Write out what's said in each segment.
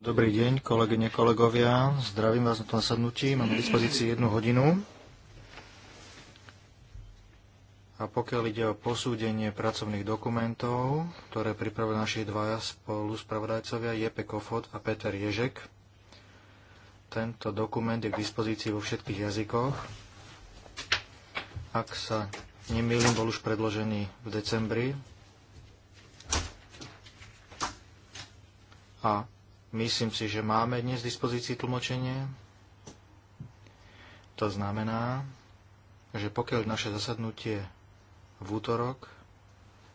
Dobrý deň, kolegyne, kolegovia. Zdravím vás na tom sadnutí. Mám k dispozícii jednu hodinu. A pokiaľ ide o posúdenie pracovných dokumentov, ktoré pripravili naši dvaja spolu spravodajcovia Jepe Kofot a Peter Ježek, tento dokument je k dispozícii vo všetkých jazykoch. Ak sa nemýlim, bol už predložený v decembri. A myslím si, že máme dnes v dispozícii tlmočenie. To znamená, že pokiaľ naše zasadnutie v útorok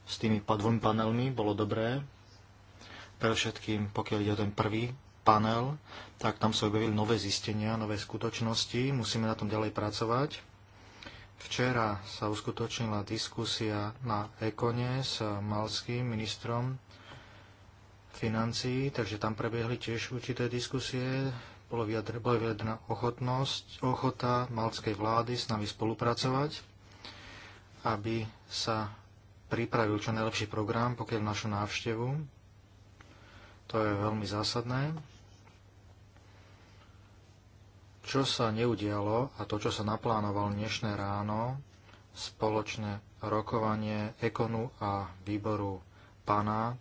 s tými dvomi panelmi bolo dobré, pre všetkým, pokiaľ ide o ten prvý panel, tak tam sa objavili nové zistenia, nové skutočnosti, musíme na tom ďalej pracovať. Včera sa uskutočnila diskusia na Ekone s malským ministrom financií, takže tam prebiehli tiež určité diskusie. Bola vyjadrená ochotnosť, ochota malskej vlády s nami spolupracovať, aby sa pripravil čo najlepší program, pokiaľ našu návštevu. To je veľmi zásadné čo sa neudialo a to, čo sa naplánovalo dnešné ráno, spoločné rokovanie Ekonu a výboru PANA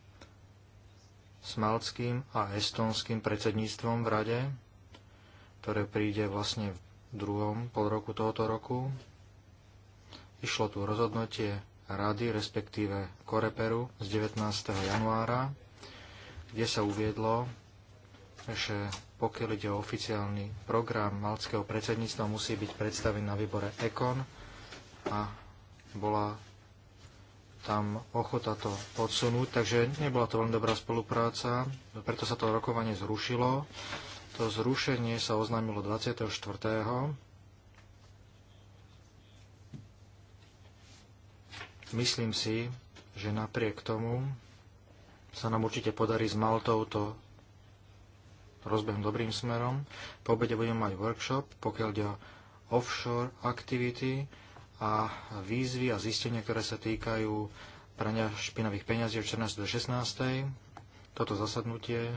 s malckým a estonským predsedníctvom v rade, ktoré príde vlastne v druhom roku tohoto roku. Išlo tu rozhodnutie rady, respektíve Koreperu z 19. januára, kde sa uviedlo, že pokiaľ ide o oficiálny program malckého predsedníctva, musí byť predstavený na výbore EKON a bola tam ochota to podsunúť, takže nebola to veľmi dobrá spolupráca, preto sa to rokovanie zrušilo. To zrušenie sa oznámilo 24. Myslím si, že napriek tomu sa nám určite podarí s Maltou to rozbehom dobrým smerom. Po obede budeme mať workshop, pokiaľ ide o offshore aktivity a výzvy a zistenia, ktoré sa týkajú prania špinavých peňazí od 14. do 16. Toto zasadnutie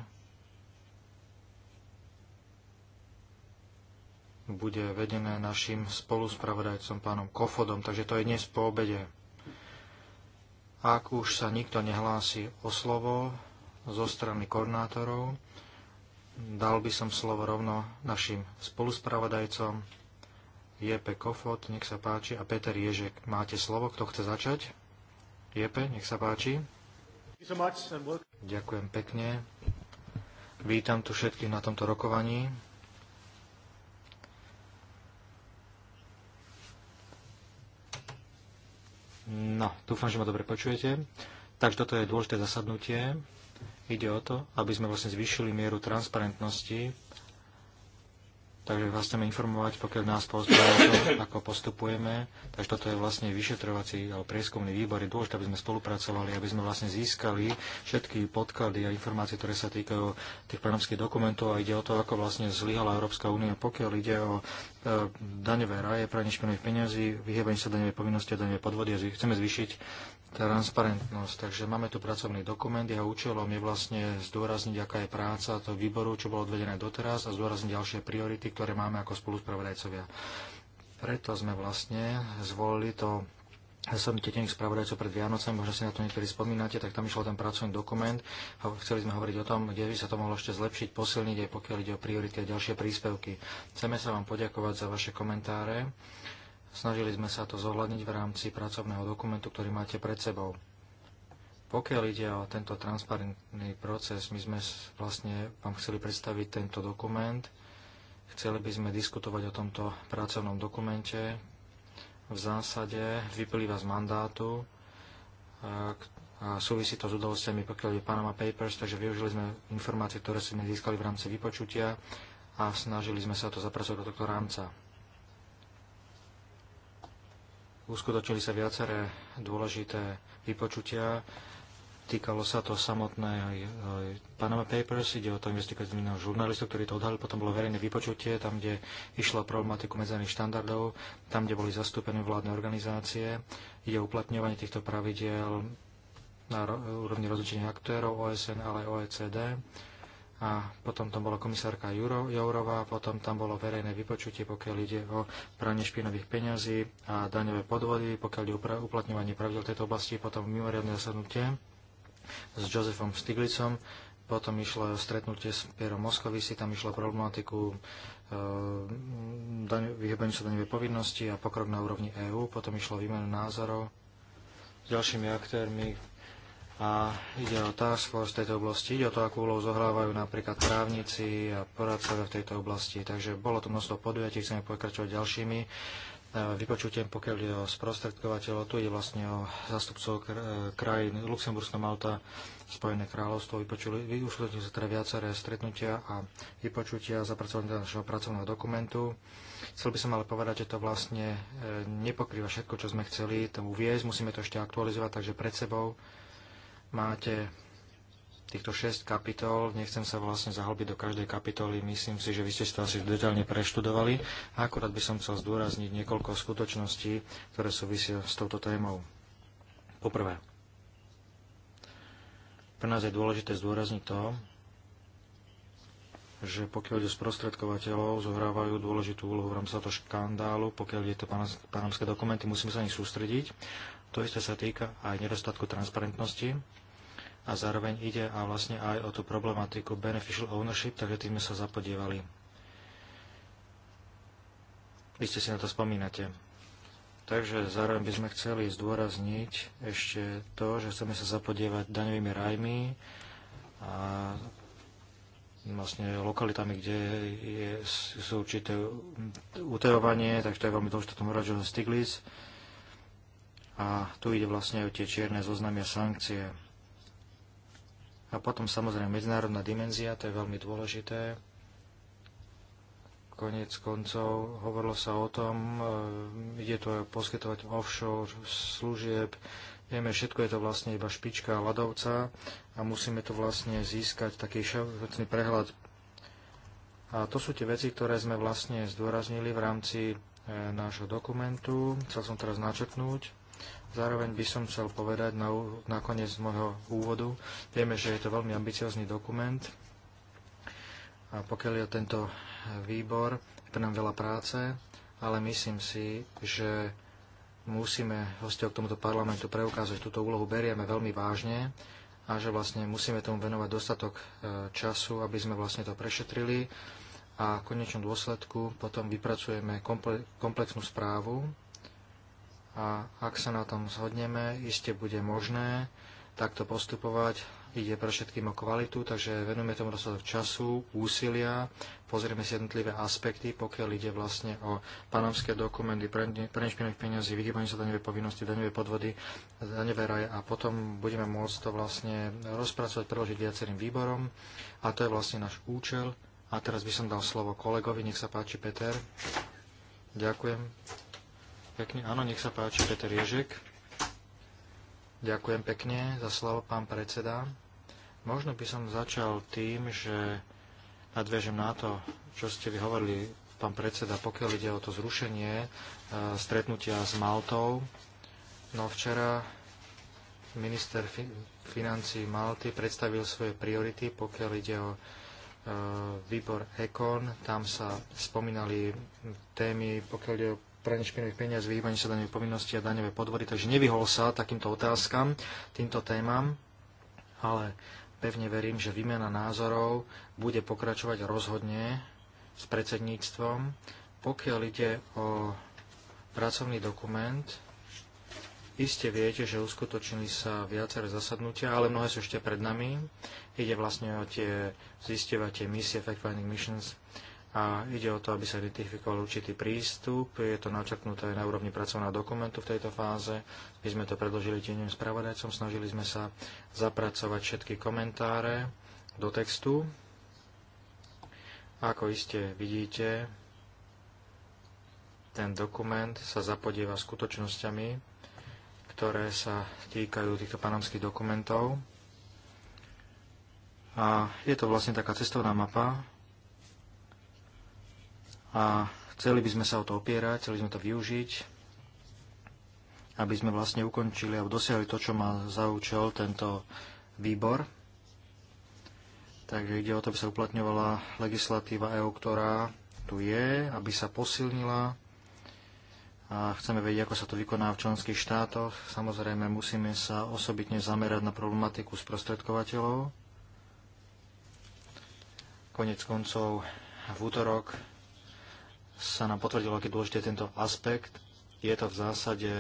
bude vedené našim spoluspravodajcom pánom Kofodom, takže to je dnes po obede. Ak už sa nikto nehlási o slovo zo strany koordinátorov, Dal by som slovo rovno našim spoluspravodajcom. Jepe Kofot, nech sa páči, a Peter Ježek. Máte slovo, kto chce začať? Jepe, nech sa páči. Ďakujem pekne. Vítam tu všetkých na tomto rokovaní. No, dúfam, že ma dobre počujete. Takže toto je dôležité zasadnutie. Ide o to, aby sme vlastne zvýšili mieru transparentnosti, takže vás chceme informovať, pokiaľ nás pohospodára ako postupujeme. Takže toto je vlastne vyšetrovací alebo prieskumný výbor. Je dôležité, aby sme spolupracovali, aby sme vlastne získali všetky podklady a informácie, ktoré sa týkajú tých panovských dokumentov a ide o to, ako vlastne zlyhala Európska únia, pokiaľ ide o e, daňové raje, pranie špinavých peniazí, vyhýbanie sa daňovej povinnosti a daňovej podvody a chceme zvýšiť transparentnosť. Takže máme tu pracovný dokument, jeho účelom je vlastne zdôrazniť, aká je práca toho výboru, čo bolo odvedené doteraz a zdôrazniť ďalšie priority, ktoré máme ako spoluspravodajcovia. Preto sme vlastne zvolili to ja som tetených spravodajcov pred Vianocem, možno si na to niektorí spomínate, tak tam išiel ten pracovný dokument a chceli sme hovoriť o tom, kde by sa to mohlo ešte zlepšiť, posilniť, aj pokiaľ ide o priority a ďalšie príspevky. Chceme sa vám poďakovať za vaše komentáre Snažili sme sa to zohľadniť v rámci pracovného dokumentu, ktorý máte pred sebou. Pokiaľ ide o tento transparentný proces, my sme vlastne vám chceli predstaviť tento dokument. Chceli by sme diskutovať o tomto pracovnom dokumente. V zásade vyplýva z mandátu a súvisí to s udalostiami, pokiaľ je Panama Papers, takže využili sme informácie, ktoré sme získali v rámci vypočutia a snažili sme sa to zapracovať do tohto rámca uskutočnili sa viaceré dôležité vypočutia. Týkalo sa to samotné Panama Papers, ide o to investigatívneho žurnalistu, ktorý to odhalil, potom bolo verejné vypočutie, tam, kde išlo problematiku medzinárodných štandardov, tam, kde boli zastúpené vládne organizácie, ide o uplatňovanie týchto pravidiel na úrovni rozličenia aktérov OSN, ale aj OECD a potom tam bola komisárka Jourová, potom tam bolo verejné vypočutie, pokiaľ ide o pranie špinových peňazí a daňové podvody, pokiaľ ide o uplatňovanie pravidel tejto oblasti, potom mimoriadne zasadnutie s Josefom Stiglicom, potom išlo stretnutie s Pierom Moskovici, tam išlo problematiku e, vyhybení sa daňovej povinnosti a pokrok na úrovni EÚ, potom išlo výmenu názorov s ďalšími aktérmi, a ide o task force tejto oblasti, ide o to, akú úlohu zohrávajú napríklad právnici a poradcovia v tejto oblasti. Takže bolo to množstvo podujatí, chceme pokračovať ďalšími e, vypočutiem, pokiaľ ide o sprostredkovateľov, tu ide vlastne o zastupcov e, krajín Luxembursko, Malta, Spojené kráľovstvo. Vypočuli, sa teda viaceré stretnutia a vypočutia zapracovania našeho pracovného dokumentu. Chcel by som ale povedať, že to vlastne e, nepokrýva všetko, čo sme chceli tomu viesť. Musíme to ešte aktualizovať, takže pred sebou Máte týchto 6 kapitol, nechcem sa vlastne zahlbiť do každej kapitoly, myslím si, že vy ste to asi detailne preštudovali. akurát by som chcel zdôrazniť niekoľko skutočností, ktoré súvisia s touto témou. Poprvé, pre nás je dôležité zdôrazniť to, že pokiaľ ide sprostredkovateľov, zohrávajú dôležitú úlohu v rámci tohto škandálu, pokiaľ ide to panamské dokumenty, musíme sa na nich sústrediť. To isté sa týka aj nedostatku transparentnosti, a zároveň ide a vlastne aj o tú problematiku beneficial ownership, takže tým sme sa zapodievali. Vy ste si na to spomínate. Takže zároveň by sme chceli zdôrazniť ešte to, že chceme sa zapodievať daňovými rajmi a vlastne lokalitami, kde je, sú určité utajovanie, takže to je veľmi dôležité tomu radžovať Stiglitz. A tu ide vlastne o tie čierne zoznamia sankcie. A potom samozrejme medzinárodná dimenzia, to je veľmi dôležité. Konec koncov hovorilo sa o tom, e, ide to poskytovať offshore služieb, vieme, všetko je to vlastne iba špička ľadovca a musíme to vlastne získať taký všeobecný prehľad. A to sú tie veci, ktoré sme vlastne zdôraznili v rámci e, nášho dokumentu. Chcel som teraz načrtnúť. Zároveň by som chcel povedať na, na koniec môjho úvodu. Vieme, že je to veľmi ambiciózny dokument a pokiaľ je tento výbor, je pre nám veľa práce, ale myslím si, že musíme hostia k tomuto parlamentu preukázať, túto úlohu berieme veľmi vážne a že vlastne musíme tomu venovať dostatok e, času, aby sme vlastne to prešetrili a v konečnom dôsledku potom vypracujeme komplexnú správu, a ak sa na tom zhodneme, iste bude možné takto postupovať. Ide pre všetkým o kvalitu, takže venujeme tomu dostatok času, úsilia, pozrieme si jednotlivé aspekty, pokiaľ ide vlastne o panamské dokumenty, prenešpinových peniazí, vyhýbanie sa daňové povinnosti, daňové podvody, daňové raje a potom budeme môcť to vlastne rozpracovať, preložiť viacerým výborom a to je vlastne náš účel. A teraz by som dal slovo kolegovi, nech sa páči Peter. Ďakujem pekne. Áno, nech sa páči, Peter Ježek. Ďakujem pekne za slovo, pán predseda. Možno by som začal tým, že nadviežem na to, čo ste vy hovorili, pán predseda, pokiaľ ide o to zrušenie e, stretnutia s Maltou. No včera minister financí Malty predstavil svoje priority, pokiaľ ide o e, výbor EKON. Tam sa spomínali témy, pokiaľ ide o pranie špinových peniaz, vyhýbanie sa daňovej povinnosti a daňové podvody, takže nevyhol sa takýmto otázkam, týmto témam, ale pevne verím, že výmena názorov bude pokračovať rozhodne s predsedníctvom. Pokiaľ ide o pracovný dokument, iste viete, že uskutočnili sa viaceré zasadnutia, ale mnohé sú ešte pred nami. Ide vlastne o tie zistievacie misie, fact-finding missions, a ide o to, aby sa identifikoval určitý prístup. Je to načrtnuté na úrovni pracovného dokumentu v tejto fáze. My sme to predložili tieňovým spravodajcom, snažili sme sa zapracovať všetky komentáre do textu. Ako iste vidíte, ten dokument sa zapodieva skutočnosťami, ktoré sa týkajú týchto panamských dokumentov. A je to vlastne taká cestovná mapa, a chceli by sme sa o to opierať, chceli sme to využiť, aby sme vlastne ukončili a dosiahli to, čo má za účel tento výbor. Takže ide o to, aby sa uplatňovala legislatíva EU, ktorá tu je, aby sa posilnila a chceme vedieť, ako sa to vykoná v členských štátoch. Samozrejme, musíme sa osobitne zamerať na problematiku sprostredkovateľov. Konec koncov v útorok sa nám potvrdilo, aký dôležitý je tento aspekt. Je to v zásade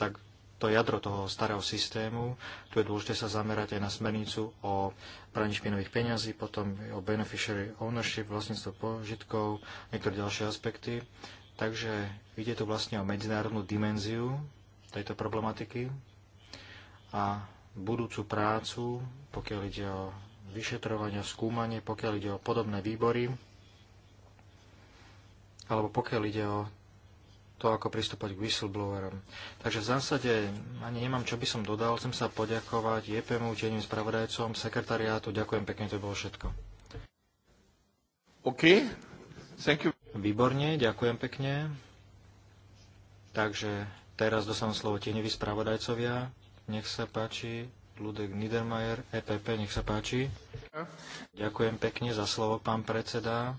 tak to jadro toho starého systému. Tu je dôležité sa zamerať aj na smernicu o praní špinových peňazí, potom o beneficiary ownership, vlastníctvo požitkov, niektoré ďalšie aspekty. Takže ide tu vlastne o medzinárodnú dimenziu tejto problematiky a budúcu prácu, pokiaľ ide o vyšetrovanie, skúmanie, pokiaľ ide o podobné výbory, alebo pokiaľ ide o to, ako pristúpať k whistleblowerom. Takže v zásade ani nemám, čo by som dodal. Chcem sa poďakovať JPMu, tieňovým spravodajcom, sekretariátu. Ďakujem pekne, to bolo všetko. OK. Thank you. Výborne, ďakujem pekne. Takže teraz dostanú slovo tieňoví spravodajcovia. Nech sa páči. Ludek Niedermayer, EPP, nech sa páči. Ďakujem pekne za slovo, pán predseda.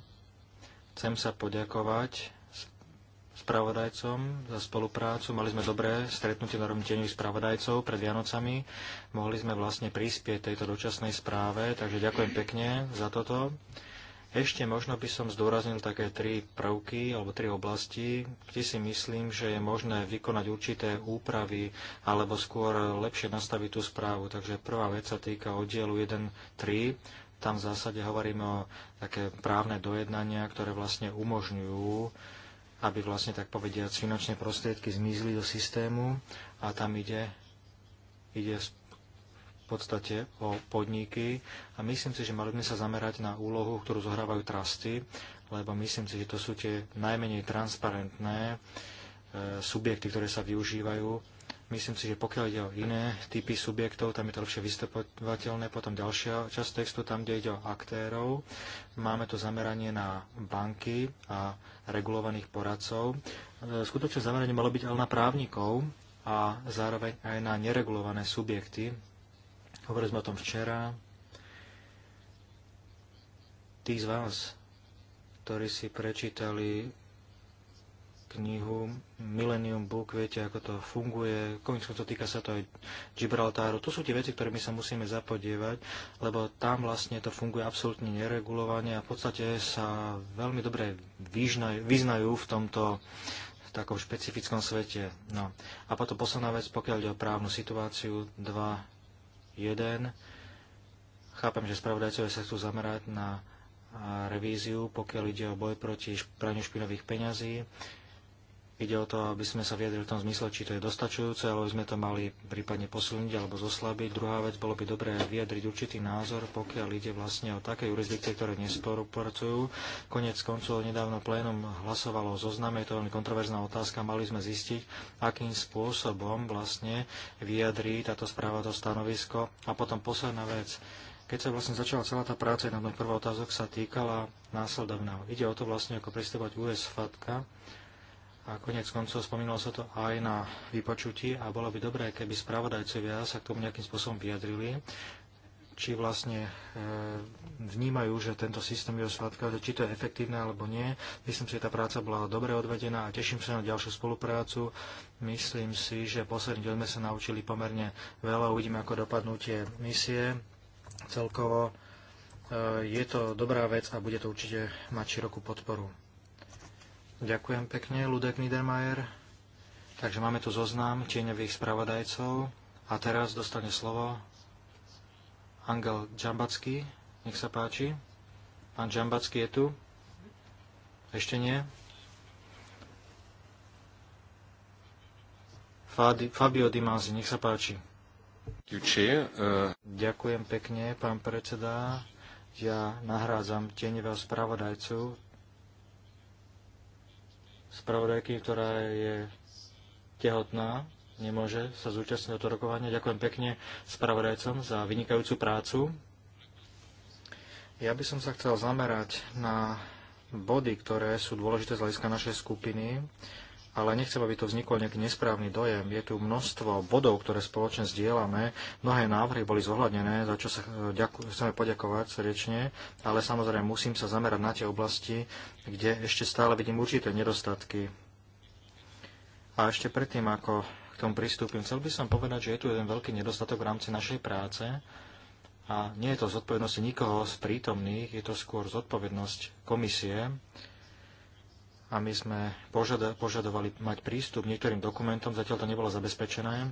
Chcem sa poďakovať spravodajcom za spoluprácu. Mali sme dobré stretnutie na rovniteňových spravodajcov pred Vianocami. Mohli sme vlastne prispieť tejto dočasnej správe, takže ďakujem pekne za toto. Ešte možno by som zdôraznil také tri prvky alebo tri oblasti, kde si myslím, že je možné vykonať určité úpravy alebo skôr lepšie nastaviť tú správu. Takže prvá vec sa týka oddielu 1.3 tam v zásade hovoríme o také právne dojednania, ktoré vlastne umožňujú, aby vlastne tak povediať finančné prostriedky zmizli do systému a tam ide, ide v podstate o podniky a myslím si, že mali sme sa zamerať na úlohu, ktorú zohrávajú trusty, lebo myslím si, že to sú tie najmenej transparentné e, subjekty, ktoré sa využívajú Myslím si, že pokiaľ ide o iné typy subjektov, tam je to lepšie vystupovateľné. Potom ďalšia časť textu, tam, kde ide o aktérov. Máme to zameranie na banky a regulovaných poradcov. E, skutočne zameranie malo byť ale na právnikov a zároveň aj na neregulované subjekty. Hovorili sme o tom včera. Tí z vás, ktorí si prečítali knihu Millennium Book, viete, ako to funguje, koniecko to týka sa to aj Gibraltáru. To sú tie veci, ktoré my sa musíme zapodievať, lebo tam vlastne to funguje absolútne neregulovane a v podstate sa veľmi dobre vyznajú, vyznajú v tomto v takom špecifickom svete. No. A potom posledná vec, pokiaľ ide o právnu situáciu 2.1. Chápem, že spravodajcovia sa chcú zamerať na revíziu, pokiaľ ide o boj proti praniu špinových peňazí. Ide o to, aby sme sa vyjadrili v tom zmysle, či to je dostačujúce, alebo sme to mali prípadne posilniť alebo zoslabiť. Druhá vec, bolo by dobré vyjadriť určitý názor, pokiaľ ide vlastne o také jurisdikcie, ktoré nesporupracujú. Konec koncov nedávno plénum hlasovalo o zozname, je to veľmi kontroverzná otázka, mali sme zistiť, akým spôsobom vlastne vyjadri táto správa to stanovisko. A potom posledná vec, keď sa vlastne začala celá tá práca, jedna prvá otázok sa týkala následovného. Ide o to vlastne, ako pristúpať US a konec koncov spomínalo sa to aj na vypočutí a bolo by dobré, keby spravodajcovia sa k tomu nejakým spôsobom vyjadrili, či vlastne e, vnímajú, že tento systém je biosvátka, či to je efektívne alebo nie. Myslím si, že tá práca bola dobre odvedená a teším sa na ďalšiu spoluprácu. Myslím si, že posledný deň sme sa naučili pomerne veľa. Uvidíme, ako dopadnú tie misie celkovo. E, je to dobrá vec a bude to určite mať širokú podporu. Ďakujem pekne, Ludek Niedermayer. Takže máme tu zoznam tieňových spravodajcov a teraz dostane slovo Angel Džambacký. Nech sa páči. Pán Džambacký je tu? Ešte nie? Fabio Dimanzi, nech sa páči. Uh, Ďakujem pekne, pán predseda. Ja nahrádzam tieňového spravodajcu spravodajky, ktorá je tehotná, nemôže sa zúčastniť toho rokovania. Ďakujem pekne spravodajcom za vynikajúcu prácu. Ja by som sa chcel zamerať na body, ktoré sú dôležité z hľadiska našej skupiny ale nechcem, aby to vznikol nejaký nesprávny dojem. Je tu množstvo bodov, ktoré spoločne zdieľame. Mnohé návrhy boli zohľadnené, za čo sa e, ďaku, chceme poďakovať srdečne, ale samozrejme musím sa zamerať na tie oblasti, kde ešte stále vidím určité nedostatky. A ešte predtým, ako k tomu pristúpim, chcel by som povedať, že je tu jeden veľký nedostatok v rámci našej práce, a nie je to zodpovednosť nikoho z prítomných, je to skôr zodpovednosť komisie, a my sme požada- požadovali mať prístup k niektorým dokumentom, zatiaľ to nebolo zabezpečené.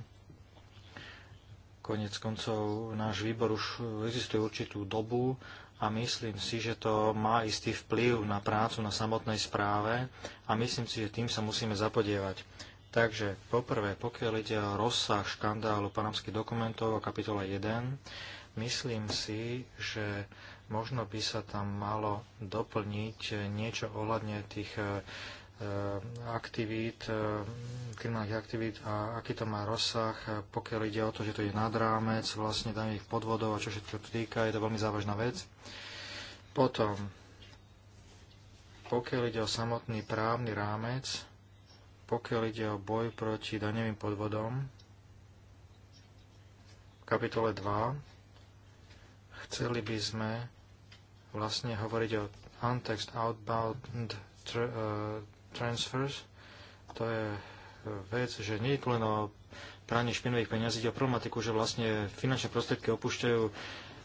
Konec koncov náš výbor už existuje určitú dobu a myslím si, že to má istý vplyv na prácu na samotnej správe a myslím si, že tým sa musíme zapodievať. Takže poprvé, pokiaľ ide o rozsah škandálu panamských dokumentov o kapitole 1, myslím si, že možno by sa tam malo doplniť niečo ohľadne tých e, e, aktivít, e, kriminálnych aktivít a aký to má rozsah, pokiaľ ide o to, že to je nad rámec vlastne daných podvodov a čo všetko to týka, je to veľmi závažná vec. Potom, pokiaľ ide o samotný právny rámec, pokiaľ ide o boj proti daňovým podvodom, v kapitole 2 chceli by sme vlastne hovoriť o untext outbound tr- eh, transfers. To je eh, vec, že nie je tu len o praní špinových peniazí, o problematiku, že vlastne finančné prostriedky opúšťajú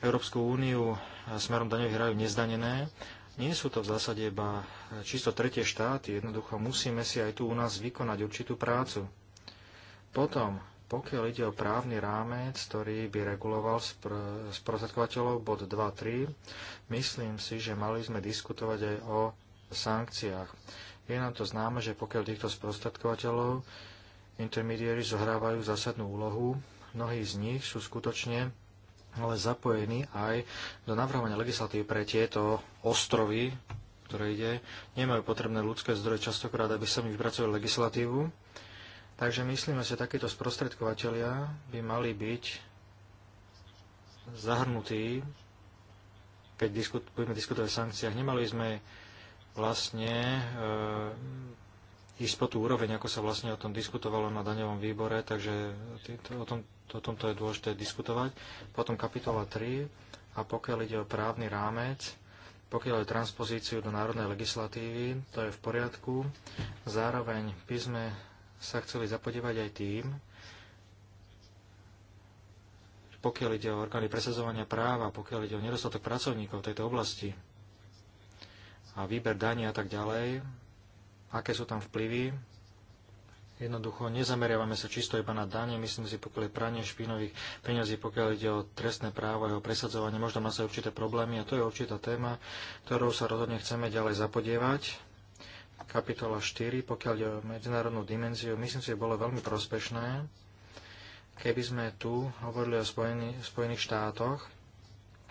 Európsku úniu a smerom daňových rajov nezdanené. Nie sú to v zásade iba čisto tretie štáty, jednoducho musíme si aj tu u nás vykonať určitú prácu. Potom pokiaľ ide o právny rámec, ktorý by reguloval spr- sprostredkovateľov bod 2.3, myslím si, že mali sme diskutovať aj o sankciách. Je nám to známe, že pokiaľ týchto sprostredkovateľov intermediári zohrávajú zásadnú úlohu, mnohí z nich sú skutočne ale zapojení aj do navrhovania legislatívy pre tieto ostrovy, ktoré ide, nemajú potrebné ľudské zdroje častokrát, aby sa mi vypracovali legislatívu Takže myslíme, že takíto sprostredkovateľia by mali byť zahrnutí, keď diskut, budeme diskutovať o sankciách. Nemali sme vlastne e, ísť po tú úroveň, ako sa vlastne o tom diskutovalo na daňovom výbore, takže týto, o, tom, o tomto je dôležité diskutovať. Potom kapitola 3 a pokiaľ ide o právny rámec, pokiaľ je transpozíciu do národnej legislatívy, to je v poriadku. Zároveň by sme sa chceli zapodievať aj tým, pokiaľ ide o orgány presadzovania práva, pokiaľ ide o nedostatok pracovníkov v tejto oblasti a výber daní a tak ďalej, aké sú tam vplyvy. Jednoducho nezameriavame sa čisto iba na dane, myslím si, pokiaľ je pranie špinových peňazí, pokiaľ ide o trestné právo a jeho presadzovanie, možno má sa určité problémy a to je určitá téma, ktorou sa rozhodne chceme ďalej zapodievať kapitola 4, pokiaľ je o medzinárodnú dimenziu, myslím si, že bolo veľmi prospešné, keby sme tu hovorili o Spojení, Spojených štátoch.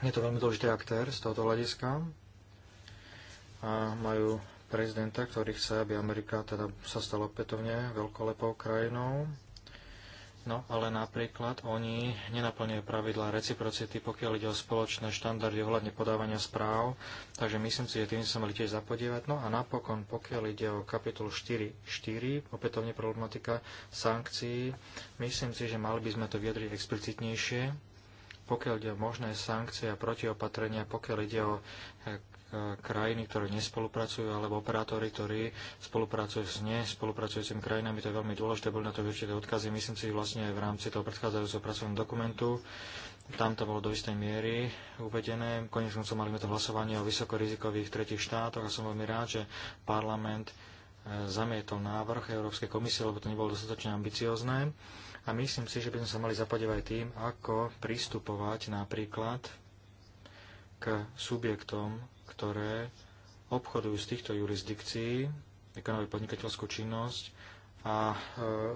Je to veľmi dôležitý aktér z tohoto hľadiska a majú prezidenta, ktorý chce, aby Amerika teda sa stala opätovne veľkolepou krajinou. No, ale napríklad oni nenaplňujú pravidlá reciprocity, pokiaľ ide o spoločné štandardy ohľadne podávania správ, takže myslím si, že tým sa mali tiež zapodievať. No a napokon, pokiaľ ide o kapitolu 4.4, opätovne problematika sankcií, myslím si, že mali by sme to vyjadriť explicitnejšie, pokiaľ ide o možné sankcie a protiopatrenia, pokiaľ ide o eh, E, krajiny, ktoré nespolupracujú, alebo operátori, ktorí spolupracujú s nespolupracujúcimi krajinami. To je veľmi dôležité, boli na to určité odkazy. Myslím si, že vlastne aj v rámci toho predchádzajúceho pracovného dokumentu tam to bolo do istej miery uvedené. Konec som mali to hlasovanie o vysokorizikových tretich štátoch a som veľmi rád, že parlament e, zamietol návrh Európskej komisie, lebo to nebolo dostatočne ambiciozné. A myslím si, že by sme sa mali zapadiť aj tým, ako pristupovať napríklad k subjektom, ktoré obchodujú z týchto jurisdikcií, vykonávajú podnikateľskú činnosť a e,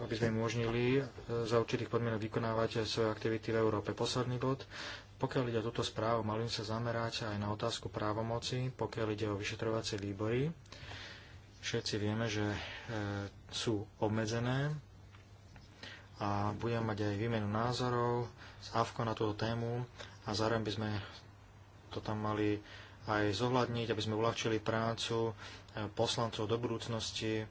aby sme im umožnili e, za určitých podmienok vykonávať e, svoje aktivity v Európe. Posledný bod. Pokiaľ ide o túto správu, mali sa zamerať aj na otázku právomoci, pokiaľ ide o vyšetrovacie výbory. Všetci vieme, že sú obmedzené a budem mať aj výmenu názorov z AFKO na túto tému a zároveň by sme to tam mali aj zohľadniť, aby sme uľahčili prácu eh, poslancov do budúcnosti.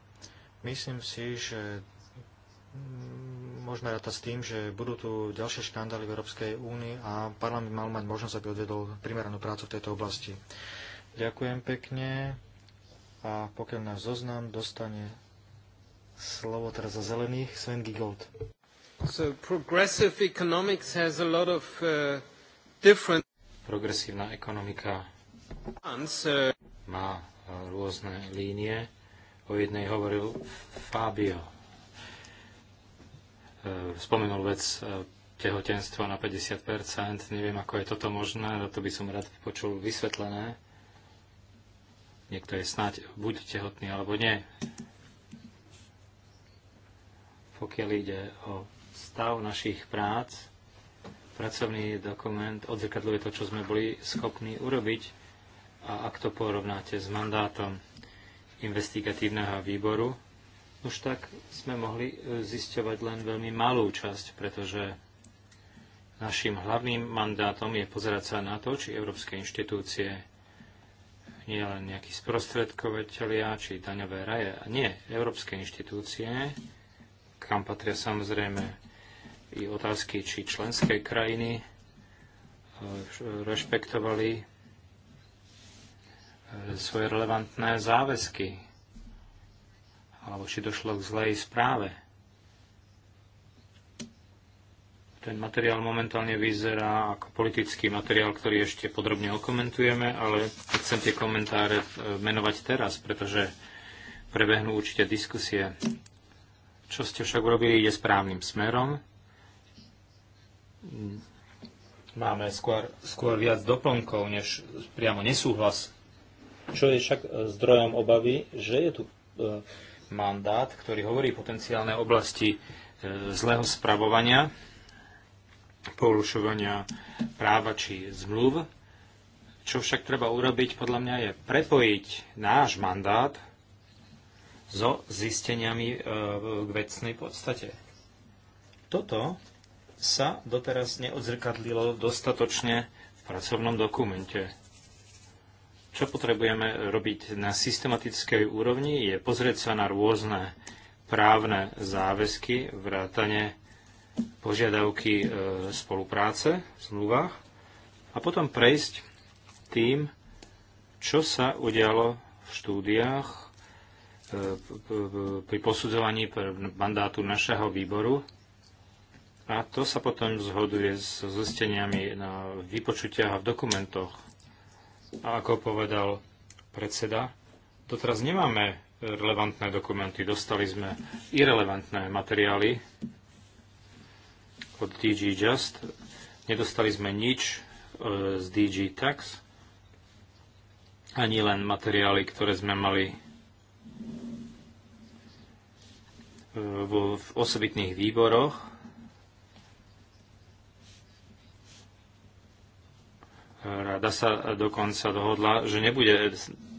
Myslím si, že mm, môžeme rátať s tým, že budú tu ďalšie škandály v Európskej únii a parlament mal mať možnosť, aby odvedol primeranú prácu v tejto oblasti. Ďakujem pekne a pokiaľ náš zoznam dostane slovo teraz za zelených, Sven Gigold. So progressive economics has a lot of uh, different... Progresívna ekonomika má rôzne línie. O jednej hovoril Fabio. E, spomenul vec e, tehotenstva na 50%. Neviem, ako je toto možné, za to by som rád počul vysvetlené. Niekto je snáď buď tehotný, alebo nie. Pokiaľ ide o stav našich prác, pracovný dokument odzrkadľuje to, čo sme boli schopní urobiť. A ak to porovnáte s mandátom investigatívneho výboru, už tak sme mohli e, zisťovať len veľmi malú časť, pretože našim hlavným mandátom je pozerať sa na to, či európske inštitúcie nie len nejakí sprostredkovateľia či daňové raje. a Nie, európske inštitúcie, kam patria samozrejme i otázky, či členské krajiny e, rešpektovali svoje relevantné záväzky, alebo či došlo k zlej správe. Ten materiál momentálne vyzerá ako politický materiál, ktorý ešte podrobne okomentujeme, ale chcem tie komentáre e, menovať teraz, pretože prebehnú určite diskusie. Čo ste však urobili, ide správnym smerom. Máme skôr, skôr viac doplnkov, než priamo nesúhlas čo je však e, zdrojom obavy, že je tu e, mandát, ktorý hovorí potenciálne oblasti e, zlého spravovania, porušovania práva či zmluv. Čo však treba urobiť, podľa mňa, je prepojiť náš mandát so zisteniami k vecnej podstate. Toto sa doteraz neodzrkadlilo dostatočne v pracovnom dokumente. Čo potrebujeme robiť na systematickej úrovni je pozrieť sa na rôzne právne záväzky, vrátane požiadavky e, spolupráce v zmluvách a potom prejsť tým, čo sa udialo v štúdiách e, pri posudzovaní mandátu našeho výboru. A to sa potom zhoduje s zisteniami na vypočutiach a v dokumentoch a ako povedal predseda, doteraz nemáme relevantné dokumenty. Dostali sme irrelevantné materiály od DG Just. Nedostali sme nič e, z DG Tax. Ani len materiály, ktoré sme mali e, v osobitných výboroch Rada sa dokonca dohodla, že nebude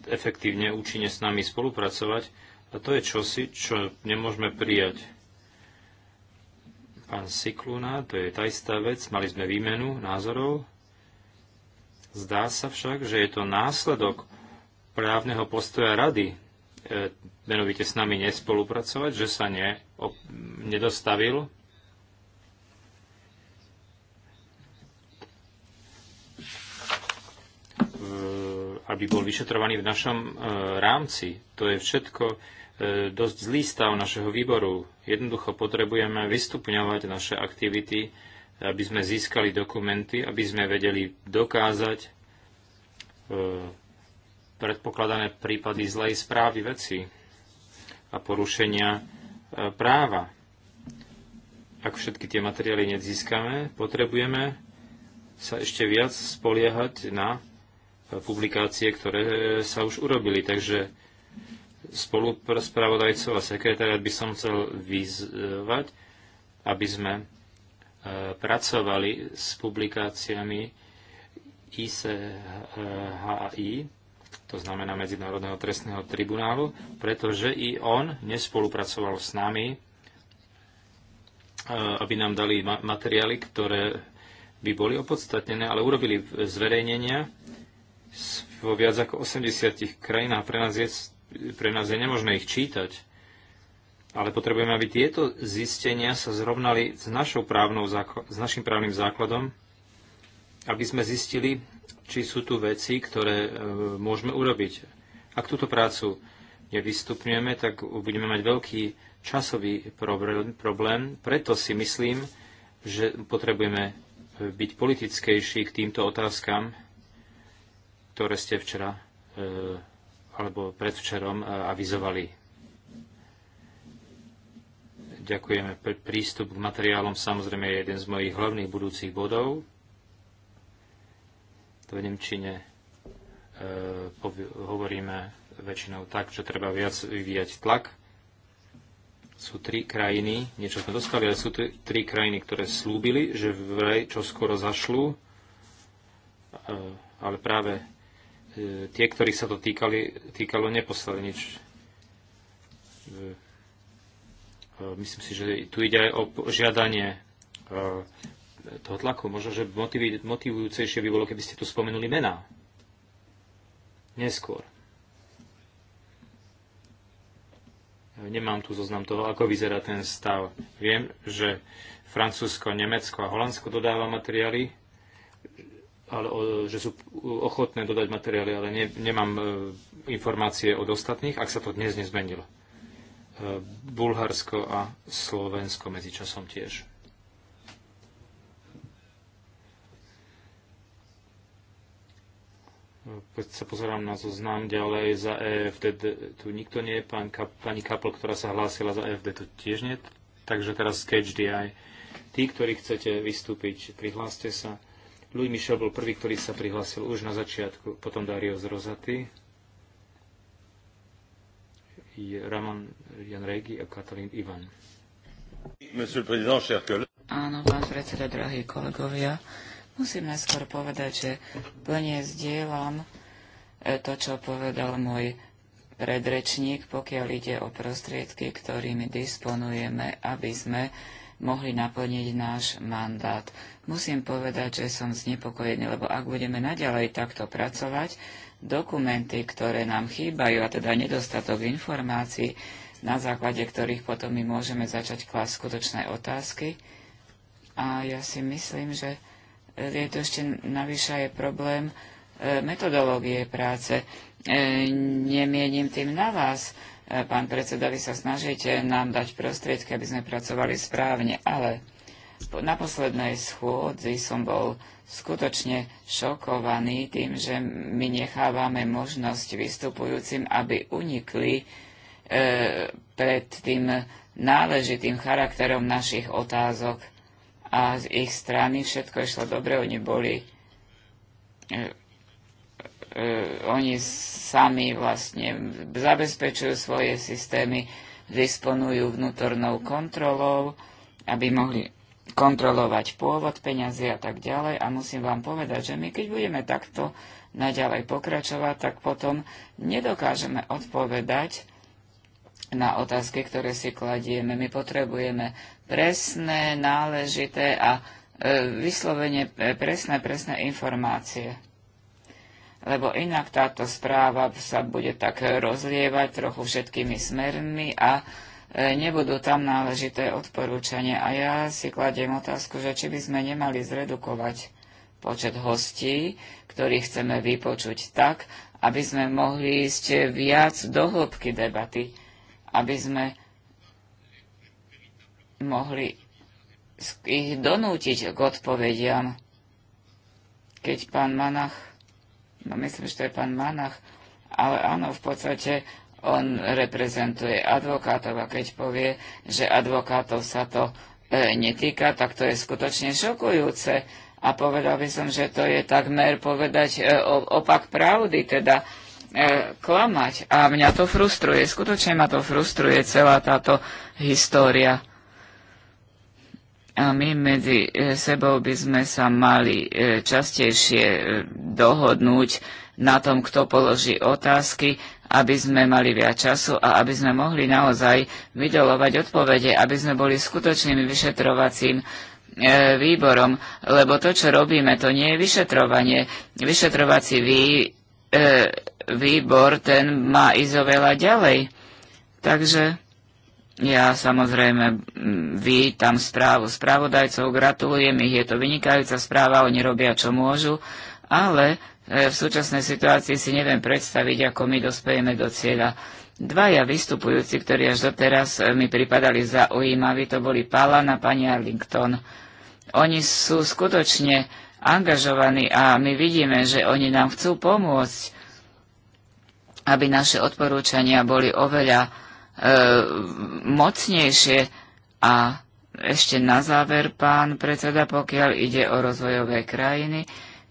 efektívne účinne s nami spolupracovať a to je čosi, čo nemôžeme prijať. Pán Sikluna, to je tá istá vec, mali sme výmenu názorov. Zdá sa však, že je to následok právneho postoja rady, e, menovite s nami nespolupracovať, že sa ne, op, nedostavil aby bol vyšetrovaný v našom e, rámci. To je všetko e, dosť zlý stav našeho výboru. Jednoducho potrebujeme vystupňovať naše aktivity, aby sme získali dokumenty, aby sme vedeli dokázať e, predpokladané prípady zlej správy veci a porušenia práva. Ak všetky tie materiály nezískame, potrebujeme sa ešte viac spoliehať na publikácie, ktoré sa už urobili. Takže spravodajcov a sekretariat by som chcel vyzvať, aby sme e, pracovali s publikáciami ICHI, to znamená Medzinárodného trestného tribunálu, pretože i on nespolupracoval s nami, e, aby nám dali materiály, ktoré by boli opodstatnené, ale urobili zverejnenia, vo viac ako 80 krajinách. Pre nás, je, pre nás je nemožné ich čítať. Ale potrebujeme, aby tieto zistenia sa zrovnali s, našou právnou, s našim právnym základom, aby sme zistili, či sú tu veci, ktoré e, môžeme urobiť. Ak túto prácu nevystupňujeme, tak budeme mať veľký časový problém. Preto si myslím, že potrebujeme e, byť politickejší k týmto otázkam ktoré ste včera e, alebo predvčerom e, avizovali. Ďakujeme. Prístup k materiálom samozrejme je jeden z mojich hlavných budúcich bodov. To v Nemčine e, hovoríme väčšinou tak, že treba viac vyvíjať tlak. Sú tri krajiny, niečo sme dostali, ale sú tri krajiny, ktoré slúbili, že vraj čo skoro zašlú ale práve E, tie, ktorí sa to týkali, týkalo, neposlali nič. E, e, myslím si, že tu ide aj o žiadanie toho tlaku. Možno, že motivujúcejšie by bolo, keby ste tu spomenuli mená. Neskôr. Nemám tu zoznam toho, ako vyzerá ten stav. Viem, že Francúzsko, Nemecko a Holandsko dodáva materiály ale, že sú ochotné dodať materiály, ale ne, nemám e, informácie od ostatných, ak sa to dnes nezmenilo. E, Bulharsko a Slovensko medzičasom tiež. E, keď sa pozerám na zoznam ďalej za EFD, tu nikto nie je, pán, pani Kapl, ktorá sa hlásila za EFD, tu tiež nie. Takže teraz Sketch DI. Tí, ktorí chcete vystúpiť, prihláste sa Louis Michel bol prvý, ktorý sa prihlásil už na začiatku, potom Dario Zrozaty, Ramon Jan Regi a Katalín Ivan. Áno, pán predseda, drahí kolegovia, musím najskôr povedať, že plne zdieľam e, to, čo povedal môj predrečník, pokiaľ ide o prostriedky, ktorými disponujeme, aby sme mohli naplniť náš mandát. Musím povedať, že som znepokojený, lebo ak budeme naďalej takto pracovať, dokumenty, ktoré nám chýbajú, a teda nedostatok informácií, na základe ktorých potom my môžeme začať klásť skutočné otázky. A ja si myslím, že e, je to ešte navyše je problém e, metodológie práce. E, nemienim tým na vás, E, pán predseda, vy sa snažíte nám dať prostriedky, aby sme pracovali správne, ale na poslednej schôdzi som bol skutočne šokovaný tým, že my nechávame možnosť vystupujúcim, aby unikli e, pred tým náležitým charakterom našich otázok. A z ich strany všetko išlo dobre, oni boli e, E, oni sami vlastne zabezpečujú svoje systémy, disponujú vnútornou kontrolou, aby mohli kontrolovať pôvod peňazí a tak ďalej. A musím vám povedať, že my keď budeme takto naďalej pokračovať, tak potom nedokážeme odpovedať na otázky, ktoré si kladieme. My potrebujeme presné, náležité a e, vyslovene e, presné, presné informácie lebo inak táto správa sa bude tak rozlievať trochu všetkými smermi a e, nebudú tam náležité odporúčania. A ja si kladiem otázku, že či by sme nemali zredukovať počet hostí, ktorých chceme vypočuť tak, aby sme mohli ísť viac do hĺbky debaty, aby sme mohli ich donútiť k odpovediam. Keď pán Manach no myslím, že to je pán Manach, ale áno, v podstate on reprezentuje advokátov a keď povie, že advokátov sa to e, netýka, tak to je skutočne šokujúce. A povedal by som, že to je takmer povedať e, opak pravdy, teda e, klamať. A mňa to frustruje, skutočne ma to frustruje celá táto história. A my medzi e, sebou by sme sa mali e, častejšie e, dohodnúť na tom, kto položí otázky, aby sme mali viac času a aby sme mohli naozaj vydolovať odpovede, aby sme boli skutočným vyšetrovacím výborom, lebo to, čo robíme, to nie je vyšetrovanie. Vyšetrovací vý, výbor, ten má ísť oveľa ďalej. Takže ja samozrejme vítam správu spravodajcov, gratulujem ich, je to vynikajúca správa, oni robia čo môžu, ale e, v súčasnej situácii si neviem predstaviť, ako my dospejeme do cieľa. Dvaja vystupujúci, ktorí až doteraz e, mi pripadali zaujímaví, to boli Palana a pani Arlington. Oni sú skutočne angažovaní a my vidíme, že oni nám chcú pomôcť, aby naše odporúčania boli oveľa E, mocnejšie. A ešte na záver, pán predseda, pokiaľ ide o rozvojové krajiny,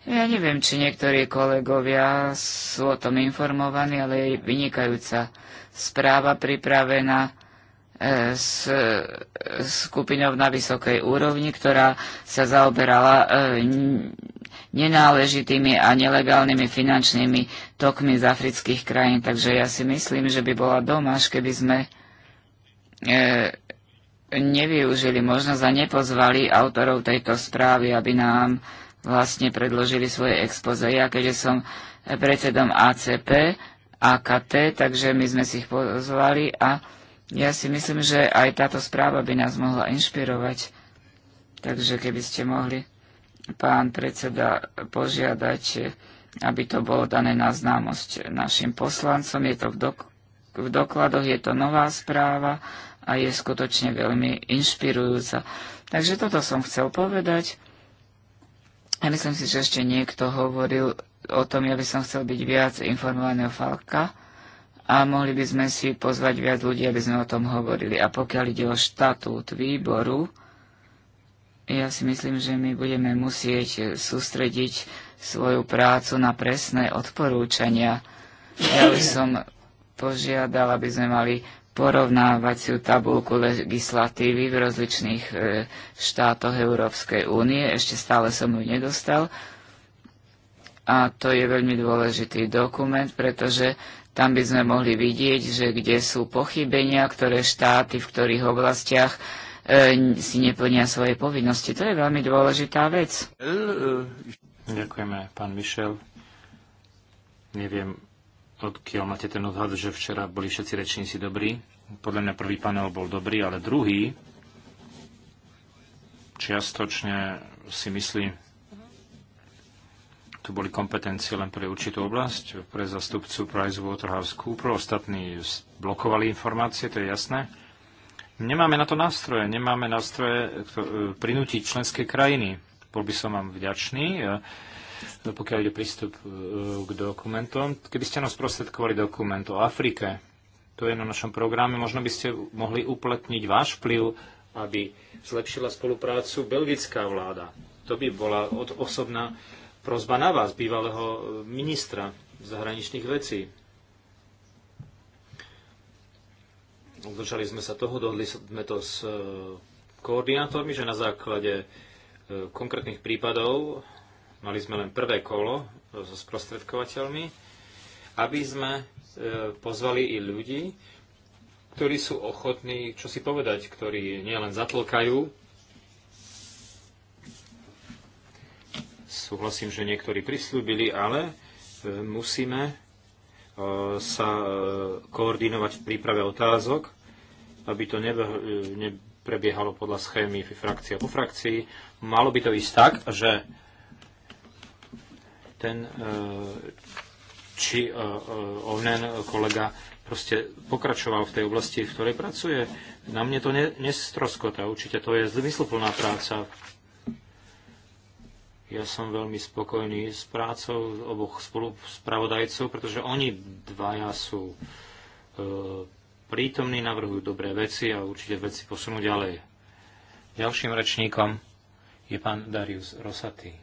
ja neviem, či niektorí kolegovia sú o tom informovaní, ale je vynikajúca správa pripravená e, s e, skupinou na vysokej úrovni, ktorá sa zaoberala nenáležitými a nelegálnymi finančnými tokmi z afrických krajín. Takže ja si myslím, že by bola domáš, keby sme e, nevyužili možnosť a nepozvali autorov tejto správy, aby nám vlastne predložili svoje expoze. Ja keďže som predsedom ACP, AKT, takže my sme si ich pozvali a ja si myslím, že aj táto správa by nás mohla inšpirovať. Takže keby ste mohli pán predseda požiadať, aby to bolo dané na známosť našim poslancom. Je to v, dok- v dokladoch, je to nová správa a je skutočne veľmi inšpirujúca. Takže toto som chcel povedať. A myslím si, že ešte niekto hovoril o tom, ja by som chcel byť viac informovaný o Falka a mohli by sme si pozvať viac ľudí, aby sme o tom hovorili. A pokiaľ ide o štatút výboru, ja si myslím, že my budeme musieť sústrediť svoju prácu na presné odporúčania. Ja už som požiadal, aby sme mali porovnávaciu tabulku legislatívy v rozličných e, štátoch Európskej únie. Ešte stále som ju nedostal. A to je veľmi dôležitý dokument, pretože tam by sme mohli vidieť, že kde sú pochybenia, ktoré štáty v ktorých oblastiach E, si neplnia svoje povinnosti. To je veľmi dôležitá vec. Ďakujeme, pán Mišel. Neviem, odkiaľ máte ten odhad, že včera boli všetci rečníci dobrí. Podľa mňa prvý panel bol dobrý, ale druhý čiastočne si myslím, tu boli kompetencie len pre určitú oblasť, pre zastupcu PricewaterhouseCoopers, ostatní blokovali informácie, to je jasné. Nemáme na to nástroje. Nemáme nástroje e, prinútiť členské krajiny. Bol by som vám vďačný, e, no, pokiaľ ide prístup e, k dokumentom. Keby ste nám sprostredkovali dokument o Afrike, to je na našom programe, možno by ste mohli uplatniť váš vplyv, aby zlepšila spoluprácu belgická vláda. To by bola osobná prozba na vás, bývalého ministra zahraničných vecí. Udržali sme sa toho, dohodli sme to s e, koordinátormi, že na základe e, konkrétnych prípadov mali sme len prvé kolo e, so sprostredkovateľmi, aby sme pozvali i ľudí, ktorí sú ochotní čo si povedať, ktorí nielen zatlkajú, súhlasím, že niektorí prislúbili, ale musíme sa koordinovať v príprave otázok aby to e, neprebiehalo podľa schémy frakcia po frakcii. Malo by to ísť tak, že ten e, či e, onen kolega proste pokračoval v tej oblasti, v ktorej pracuje. Na mne to nestroskota. Určite to je zmysluplná práca. Ja som veľmi spokojný s prácou oboch spolu spravodajcov, pretože oni dvaja sú e, prítomní, navrhujú dobré veci a určite veci posunú ďalej. Ďalším rečníkom je pán Darius Rosaty.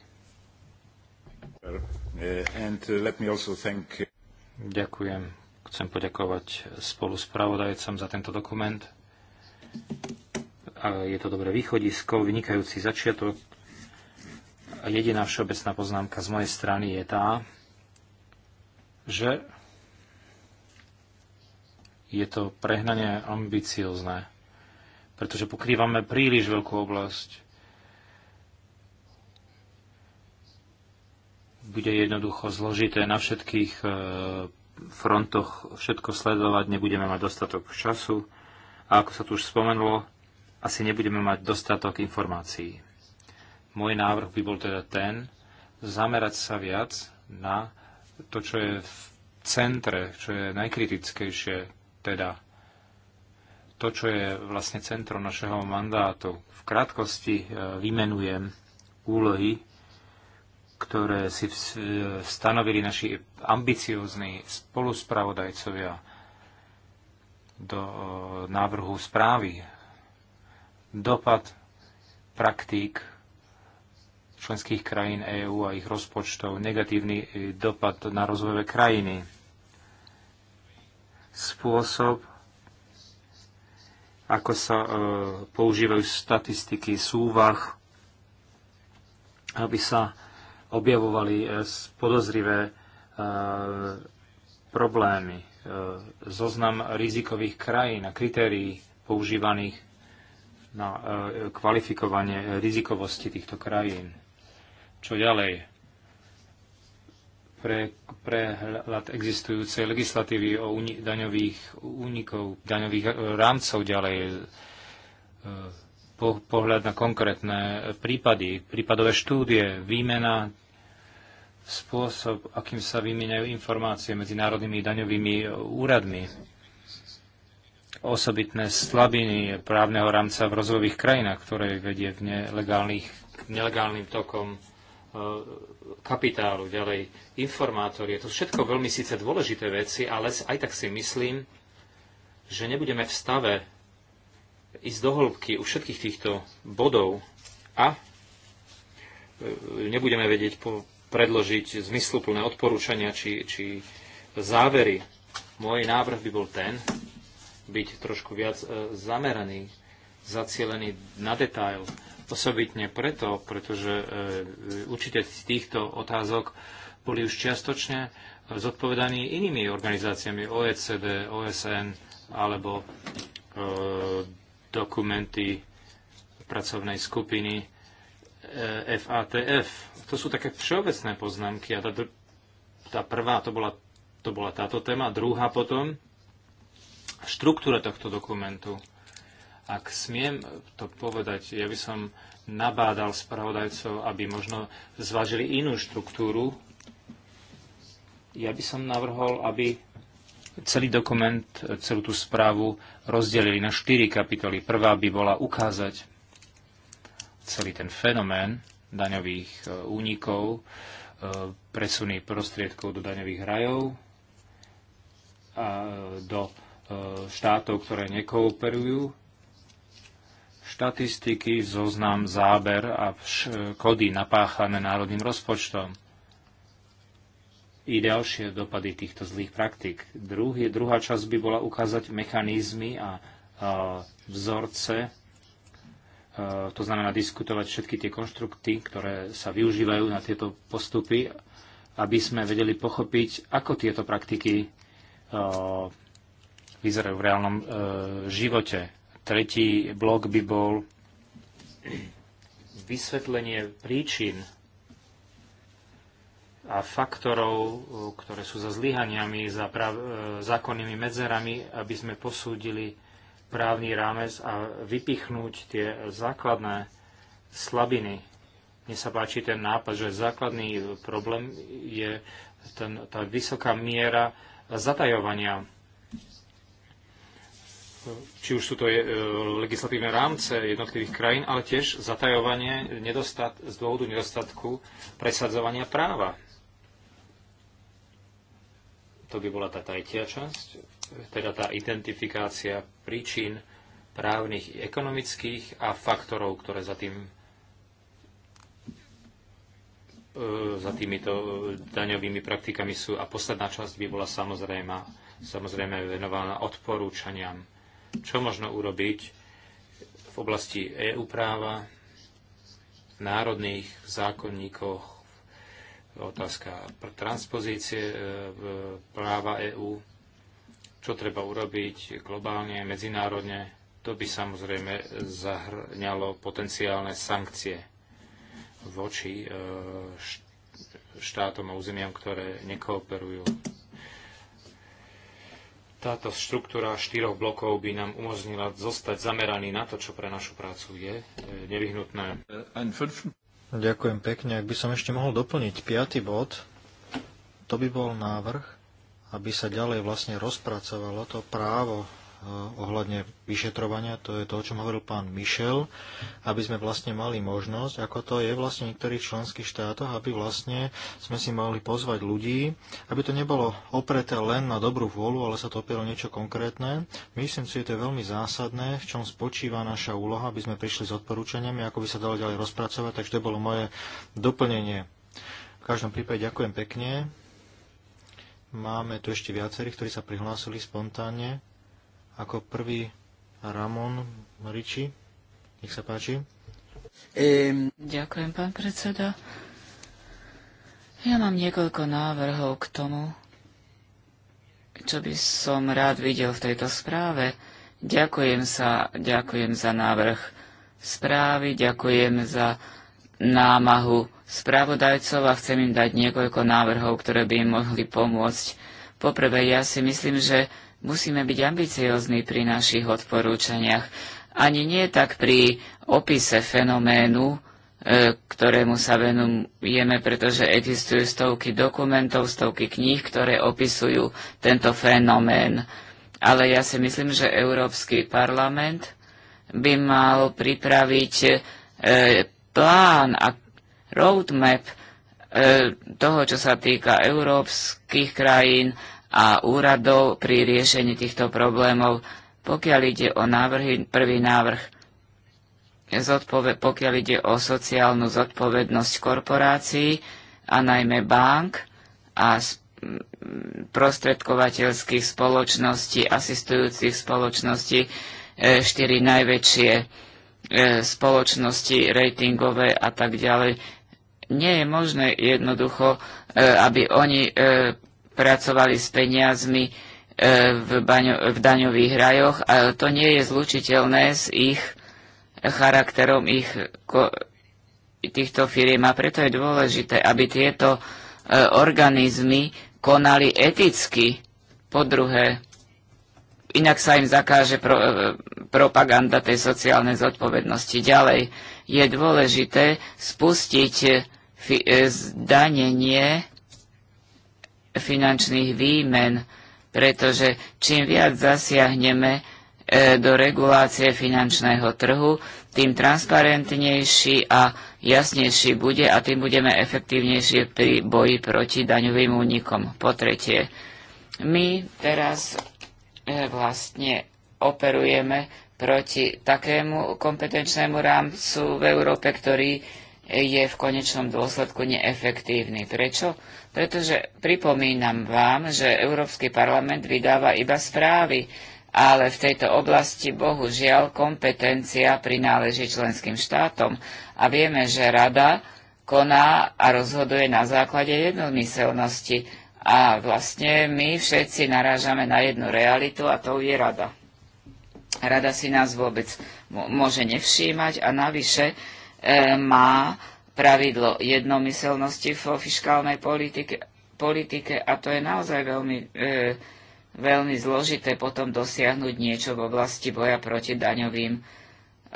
Ďakujem. Chcem poďakovať spolu pravodajcom za tento dokument. A je to dobré východisko, vynikajúci začiatok. A jediná všeobecná poznámka z mojej strany je tá, že je to prehnanie ambiciozne, pretože pokrývame príliš veľkú oblasť. Bude jednoducho zložité na všetkých e, frontoch všetko sledovať, nebudeme mať dostatok času a ako sa tu už spomenulo, asi nebudeme mať dostatok informácií. Môj návrh by bol teda ten, zamerať sa viac na to, čo je v centre, čo je najkritickejšie teda to, čo je vlastne centrom našeho mandátu. V krátkosti e, vymenujem úlohy, ktoré si e, stanovili naši ambiciózni spoluspravodajcovia do e, návrhu správy. Dopad praktík členských krajín EÚ a ich rozpočtov, negatívny dopad na rozvojové krajiny, spôsob, ako sa e, používajú statistiky súvah, aby sa objavovali e, podozrivé e, problémy. E, zoznam rizikových krajín a kritérií používaných na e, kvalifikovanie rizikovosti týchto krajín. Čo ďalej? pre prehľad existujúcej legislatívy o uni- daňových únikov, daňových e, rámcov ďalej, e, po- pohľad na konkrétne prípady, prípadové štúdie, výmena, spôsob, akým sa vymieňajú informácie medzi národnými daňovými úradmi, osobitné slabiny právneho rámca v rozvojových krajinách, ktoré vedie v nelegálnych, nelegálnym tokom Eh, kapitálu, ďalej informátor. Je to všetko veľmi síce dôležité veci, ale aj tak si myslím, že nebudeme v stave ísť do hĺbky u všetkých týchto bodov a eh, nebudeme vedieť po, predložiť zmysluplné odporúčania či, či závery. Môj návrh by bol ten, byť trošku viac eh, zameraný, zacielený na detail, Osobitne preto, pretože e, určite z týchto otázok boli už čiastočne zodpovedaní inými organizáciami OECD, OSN alebo e, dokumenty pracovnej skupiny FATF. E, to sú také všeobecné poznámky a tá, tá prvá to bola, to bola táto téma, druhá potom štruktúra tohto dokumentu. Ak smiem to povedať, ja by som nabádal spravodajcov, aby možno zvažili inú štruktúru. Ja by som navrhol, aby celý dokument, celú tú správu rozdelili na štyri kapitoly. Prvá by bola ukázať celý ten fenomén daňových e, únikov, e, presuny prostriedkov do daňových rajov a e, do štátov, ktoré nekooperujú štatistiky, zoznam, záber a škody napáchané národným rozpočtom i ďalšie dopady týchto zlých praktik. Druhý, druhá časť by bola ukázať mechanizmy a, a vzorce, a, to znamená diskutovať všetky tie konštrukty, ktoré sa využívajú na tieto postupy, aby sme vedeli pochopiť, ako tieto praktiky a, vyzerajú v reálnom e, živote Tretí blok by bol vysvetlenie príčin a faktorov, ktoré sú za zlyhaniami, za prav, e, zákonnými medzerami, aby sme posúdili právny rámec a vypichnúť tie základné slabiny. Mne sa páči ten nápad, že základný problém je ten, tá vysoká miera zatajovania či už sú to je, legislatívne rámce jednotlivých krajín, ale tiež zatajovanie nedostat, z dôvodu nedostatku presadzovania práva. To by bola tá tretia časť, teda tá identifikácia príčin právnych, ekonomických a faktorov, ktoré za tým e, za týmito daňovými praktikami sú. A posledná časť by bola samozrejme, samozrejme venovaná odporúčaniam čo možno urobiť v oblasti EU práva, národných zákonníkoch, otázka transpozície e, práva EÚ, čo treba urobiť globálne, medzinárodne, to by samozrejme zahrňalo potenciálne sankcie voči e, štátom a územiam, ktoré nekooperujú táto štruktúra štyroch blokov by nám umožnila zostať zameraný na to, čo pre našu prácu je nevyhnutné. Ďakujem pekne. Ak by som ešte mohol doplniť piaty bod, to by bol návrh, aby sa ďalej vlastne rozpracovalo to právo Eh, ohľadne vyšetrovania, to je to, o čom hovoril pán Mišel, aby sme vlastne mali možnosť, ako to je vlastne v niektorých členských štátoch, aby vlastne sme si mohli pozvať ľudí, aby to nebolo opreté len na dobrú vôľu, ale sa to opieralo niečo konkrétne. Myslím si, že to je veľmi zásadné, v čom spočíva naša úloha, aby sme prišli s odporúčaniami, ako by sa dalo ďalej rozpracovať, takže to bolo moje doplnenie. V každom prípade ďakujem pekne. Máme tu ešte viacerých, ktorí sa prihlásili spontánne. Ako prvý Ramon Riči. Nech sa páči. Ďakujem, pán predseda. Ja mám niekoľko návrhov k tomu, čo by som rád videl v tejto správe. Ďakujem sa, ďakujem za návrh správy, ďakujem za námahu spravodajcov a chcem im dať niekoľko návrhov, ktoré by im mohli pomôcť. Poprvé, ja si myslím, že Musíme byť ambiciozní pri našich odporúčaniach. Ani nie tak pri opise fenoménu, e, ktorému sa venujeme, pretože existujú stovky dokumentov, stovky kníh, ktoré opisujú tento fenomén. Ale ja si myslím, že Európsky parlament by mal pripraviť e, plán a roadmap e, toho, čo sa týka európskych krajín a úradov pri riešení týchto problémov, pokiaľ ide o návrhy, prvý návrh, zodpove- pokiaľ ide o sociálnu zodpovednosť korporácií a najmä bank a prostredkovateľských spoločností, asistujúcich spoločností, e, štyri najväčšie e, spoločnosti ratingové a tak ďalej. Nie je možné jednoducho, e, aby oni pracovali s peniazmi e, v, baňo, v daňových rajoch. A to nie je zlučiteľné s ich charakterom ich týchto firiem a preto je dôležité, aby tieto e, organizmy konali eticky. Po druhé, inak sa im zakáže pro, e, propaganda tej sociálnej zodpovednosti. Ďalej je dôležité spustiť zdanenie finančných výmen, pretože čím viac zasiahneme e, do regulácie finančného trhu, tým transparentnejší a jasnejší bude a tým budeme efektívnejšie pri boji proti daňovým únikom. Po tretie, my teraz e, vlastne operujeme proti takému kompetenčnému rámcu v Európe, ktorý je v konečnom dôsledku neefektívny. Prečo? Pretože pripomínam vám, že Európsky parlament vydáva iba správy, ale v tejto oblasti bohužiaľ kompetencia prináleží členským štátom a vieme, že rada koná a rozhoduje na základe jednomyselnosti a vlastne my všetci narážame na jednu realitu a to je rada. Rada si nás vôbec môže nevšímať a navyše E, má pravidlo jednomyselnosti vo fiskálnej politike, politike a to je naozaj veľmi, e, veľmi zložité potom dosiahnuť niečo v oblasti boja proti daňovým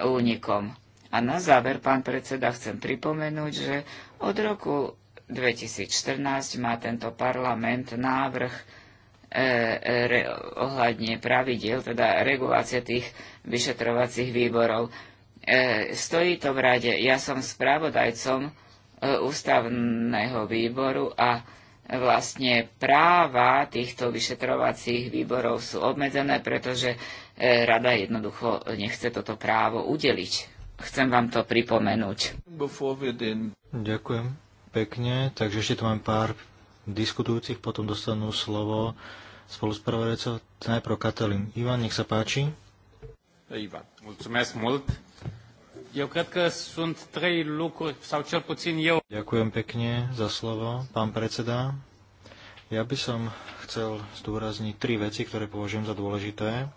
únikom. A na záver, pán predseda, chcem pripomenúť, že od roku 2014 má tento parlament návrh e, e, re, ohľadne pravidiel, teda regulácie tých vyšetrovacích výborov. E, stojí to v rade. Ja som spravodajcom e, ústavného výboru a vlastne práva týchto vyšetrovacích výborov sú obmedzené, pretože e, rada jednoducho nechce toto právo udeliť. Chcem vám to pripomenúť. Ďakujem pekne. Takže ešte tu mám pár diskutujúcich, potom dostanú slovo spoluspravodajcov. Najprv Katalin. Ivan, nech sa páči. Ivan, mulțumesc mult. Eu cred că sunt trei lucruri, sau cel puțin eu. Ďakujem pekne za slovo, pán predseda. Ja by som chcel zdôrazniť tri veci, ktoré považujem za dôležité.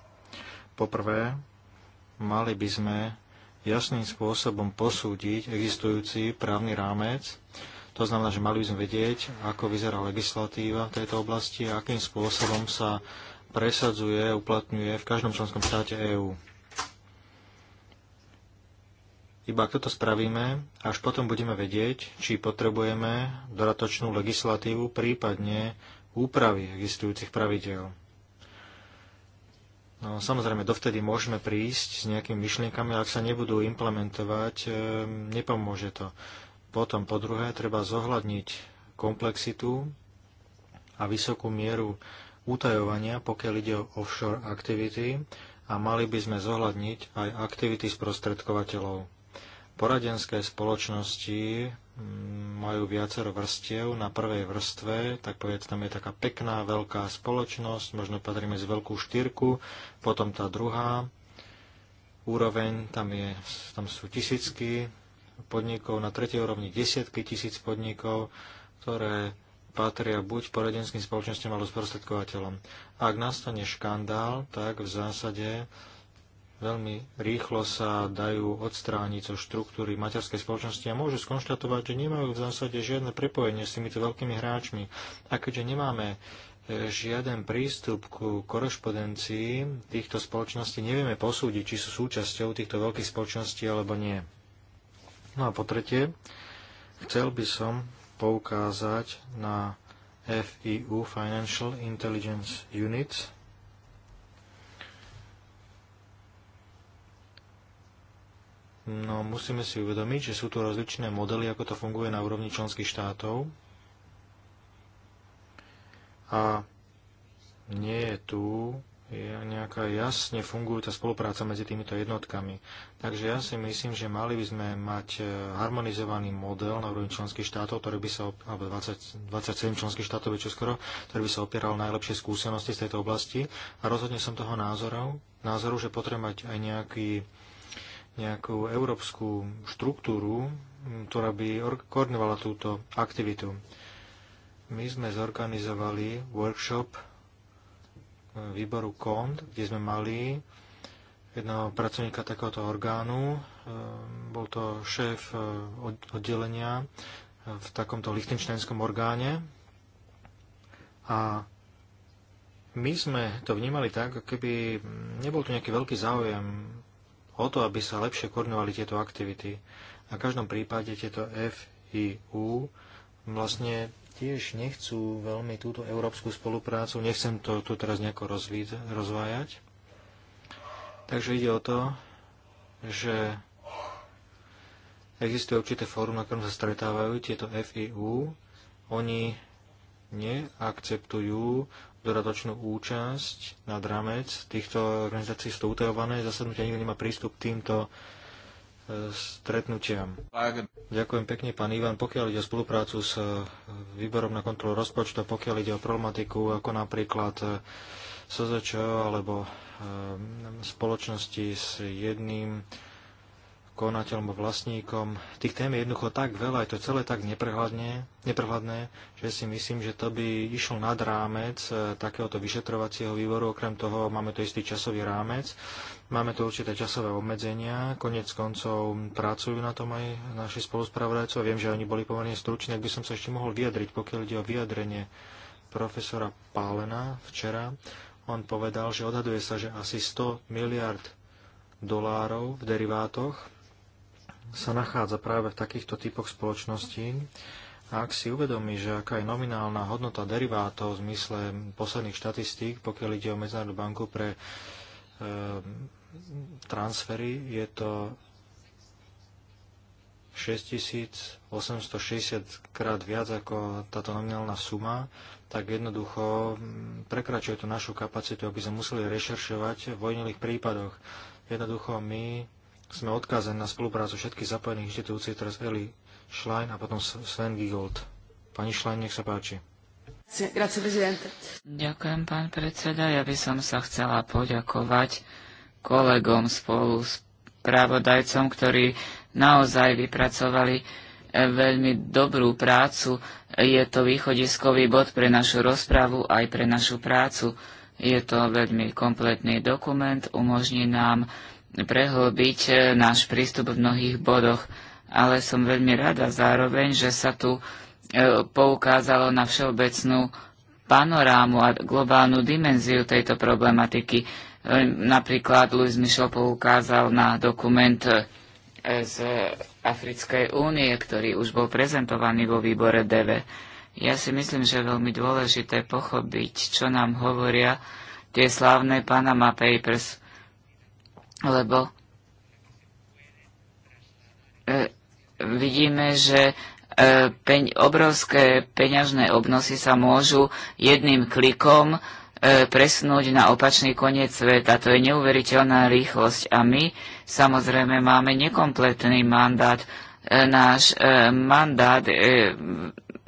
Poprvé, mali by sme jasným spôsobom posúdiť existujúci právny rámec. To znamená, že mali by sme vedieť, ako vyzerá legislatíva v tejto oblasti a akým spôsobom sa presadzuje, uplatňuje v každom členskom štáte EÚ. Iba ak toto spravíme, až potom budeme vedieť, či potrebujeme doratočnú legislatívu, prípadne úpravy existujúcich pravidel. No, samozrejme, dovtedy môžeme prísť s nejakými myšlienkami, ak sa nebudú implementovať, eh, nepomôže to. Potom, po druhé, treba zohľadniť komplexitu a vysokú mieru utajovania, pokiaľ ide o offshore aktivity a mali by sme zohľadniť aj aktivity sprostredkovateľov. Poradenské spoločnosti mm, majú viacero vrstiev. Na prvej vrstve, tak povedz, tam je taká pekná, veľká spoločnosť, možno patríme z veľkú štyrku, potom tá druhá úroveň, tam, je, tam sú tisícky podnikov, na tretej úrovni desiatky tisíc podnikov, ktoré patria buď poradenským spoločnosťam alebo sprostredkovateľom. Ak nastane škandál, tak v zásade veľmi rýchlo sa dajú odstrániť zo štruktúry materskej spoločnosti a môžu skonštatovať, že nemajú v zásade žiadne prepojenie s týmito veľkými hráčmi. A keďže nemáme e, žiaden prístup ku korešpondencii týchto spoločností, nevieme posúdiť, či sú súčasťou týchto veľkých spoločností alebo nie. No a po tretie, chcel by som poukázať na FIU Financial Intelligence Units, No musíme si uvedomiť, že sú tu rozličné modely, ako to funguje na úrovni členských štátov. A nie je tu je nejaká jasne fungujúca spolupráca medzi týmito jednotkami. Takže ja si myslím, že mali by sme mať e, harmonizovaný model na úrovni členských štátov, ktorý by sa, alebo 20, 27 členských štátov čo skoro, ktorý by sa opieral najlepšie skúsenosti z tejto oblasti. A rozhodne som toho názoru, názoru že potrebujem mať aj nejaký nejakú európsku štruktúru, ktorá by koordinovala túto aktivitu. My sme zorganizovali workshop e, výboru KOND, kde sme mali jedného pracovníka takéhoto orgánu. E, bol to šéf e, oddelenia v takomto lichtenštejnskom orgáne. A my sme to vnímali tak, keby nebol tu nejaký veľký záujem o to, aby sa lepšie koordinovali tieto aktivity. Na každom prípade tieto FIU vlastne tiež nechcú veľmi túto európsku spoluprácu, nechcem to tu teraz nejako rozvájať. Takže ide o to, že existuje určité fórum, na ktorom sa stretávajú tieto FIU. Oni neakceptujú dodatočnú účasť na dramec, týchto organizácií sú utajované, zasadnutia nikto nemá prístup k týmto e, stretnutiam. Ďakujem pekne, pán Ivan. Pokiaľ ide o spoluprácu s e, výborom na kontrolu rozpočtu, pokiaľ ide o problematiku ako napríklad e, SZČO alebo spoločnosti s jedným konateľom vlastníkom. Tých tém je jednoducho tak veľa, je to celé tak neprehľadné, že si myslím, že to by išlo nad rámec eh, takéhoto vyšetrovacieho výboru. Okrem toho máme tu istý časový rámec, máme tu určité časové obmedzenia, konec koncov pracujú na tom aj naši spoluspravodajcovia. Viem, že oni boli pomerne struční, ak by som sa ešte mohol vyjadriť, pokiaľ ide o vyjadrenie profesora Pálena včera. On povedal, že odhaduje sa, že asi 100 miliard dolárov v derivátoch sa nachádza práve v takýchto typoch spoločností. A ak si uvedomí, že aká je nominálna hodnota derivátov v zmysle posledných štatistík, pokiaľ ide o Medzinárodnú banku pre e, transfery, je to 6860 krát viac ako táto nominálna suma, tak jednoducho mm, prekračuje to našu kapacitu, aby sme museli rešeršovať v vojnilých prípadoch. Jednoducho my sme odkázaní na spoluprácu všetkých zapojených inštitúcií, teraz Eli Schlein a potom Sven Gigold. Pani Schlein, nech sa páči. Ďakujem, pán predseda. Ja by som sa chcela poďakovať kolegom spolu s pravodajcom, ktorí naozaj vypracovali eh, veľmi dobrú prácu. Je to východiskový bod pre našu rozpravu aj pre našu prácu. Je to veľmi kompletný dokument, umožní nám prehlbiť e, náš prístup v mnohých bodoch, ale som veľmi rada zároveň, že sa tu e, poukázalo na všeobecnú panorámu a globálnu dimenziu tejto problematiky. E, napríklad Louis Michel poukázal na dokument z Africkej únie, ktorý už bol prezentovaný vo výbore DV. Ja si myslím, že je veľmi dôležité pochopiť, čo nám hovoria tie slávne Panama Papers, lebo e, vidíme, že e, peň, obrovské peňažné obnosy sa môžu jedným klikom e, presunúť na opačný koniec sveta. To je neuveriteľná rýchlosť a my samozrejme máme nekompletný mandát. E, náš e, mandát e,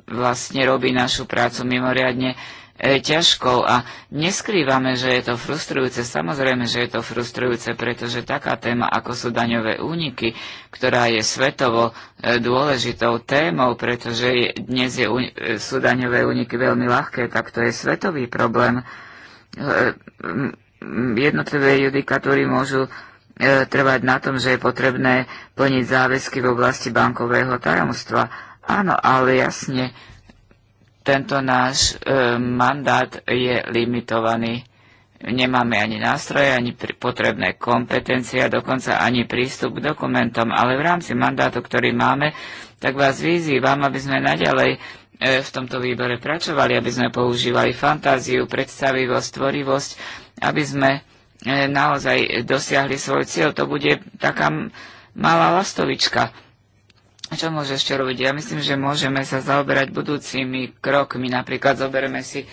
vlastne robí našu prácu mimoriadne E, ťažkou a neskrývame, že je to frustrujúce. Samozrejme, že je to frustrujúce, pretože taká téma, ako sú daňové úniky, ktorá je svetovo e, dôležitou témou, pretože dnes je, e, sú daňové úniky veľmi ľahké, tak to je svetový problém. Jednotlivé judikatúry môžu trvať na tom, že je potrebné plniť záväzky v oblasti bankového tajomstva. Áno, ale jasne tento náš e, mandát je limitovaný. Nemáme ani nástroje, ani potrebné kompetencie a dokonca ani prístup k dokumentom, ale v rámci mandátu, ktorý máme, tak vás vyzývam, aby sme naďalej e, v tomto výbore pracovali, aby sme používali fantáziu, predstavivosť, tvorivosť, aby sme e, naozaj dosiahli svoj cieľ. To bude taká malá lastovička čo môže ešte robiť? Ja myslím, že môžeme sa zaoberať budúcimi krokmi. Napríklad zoberieme si e,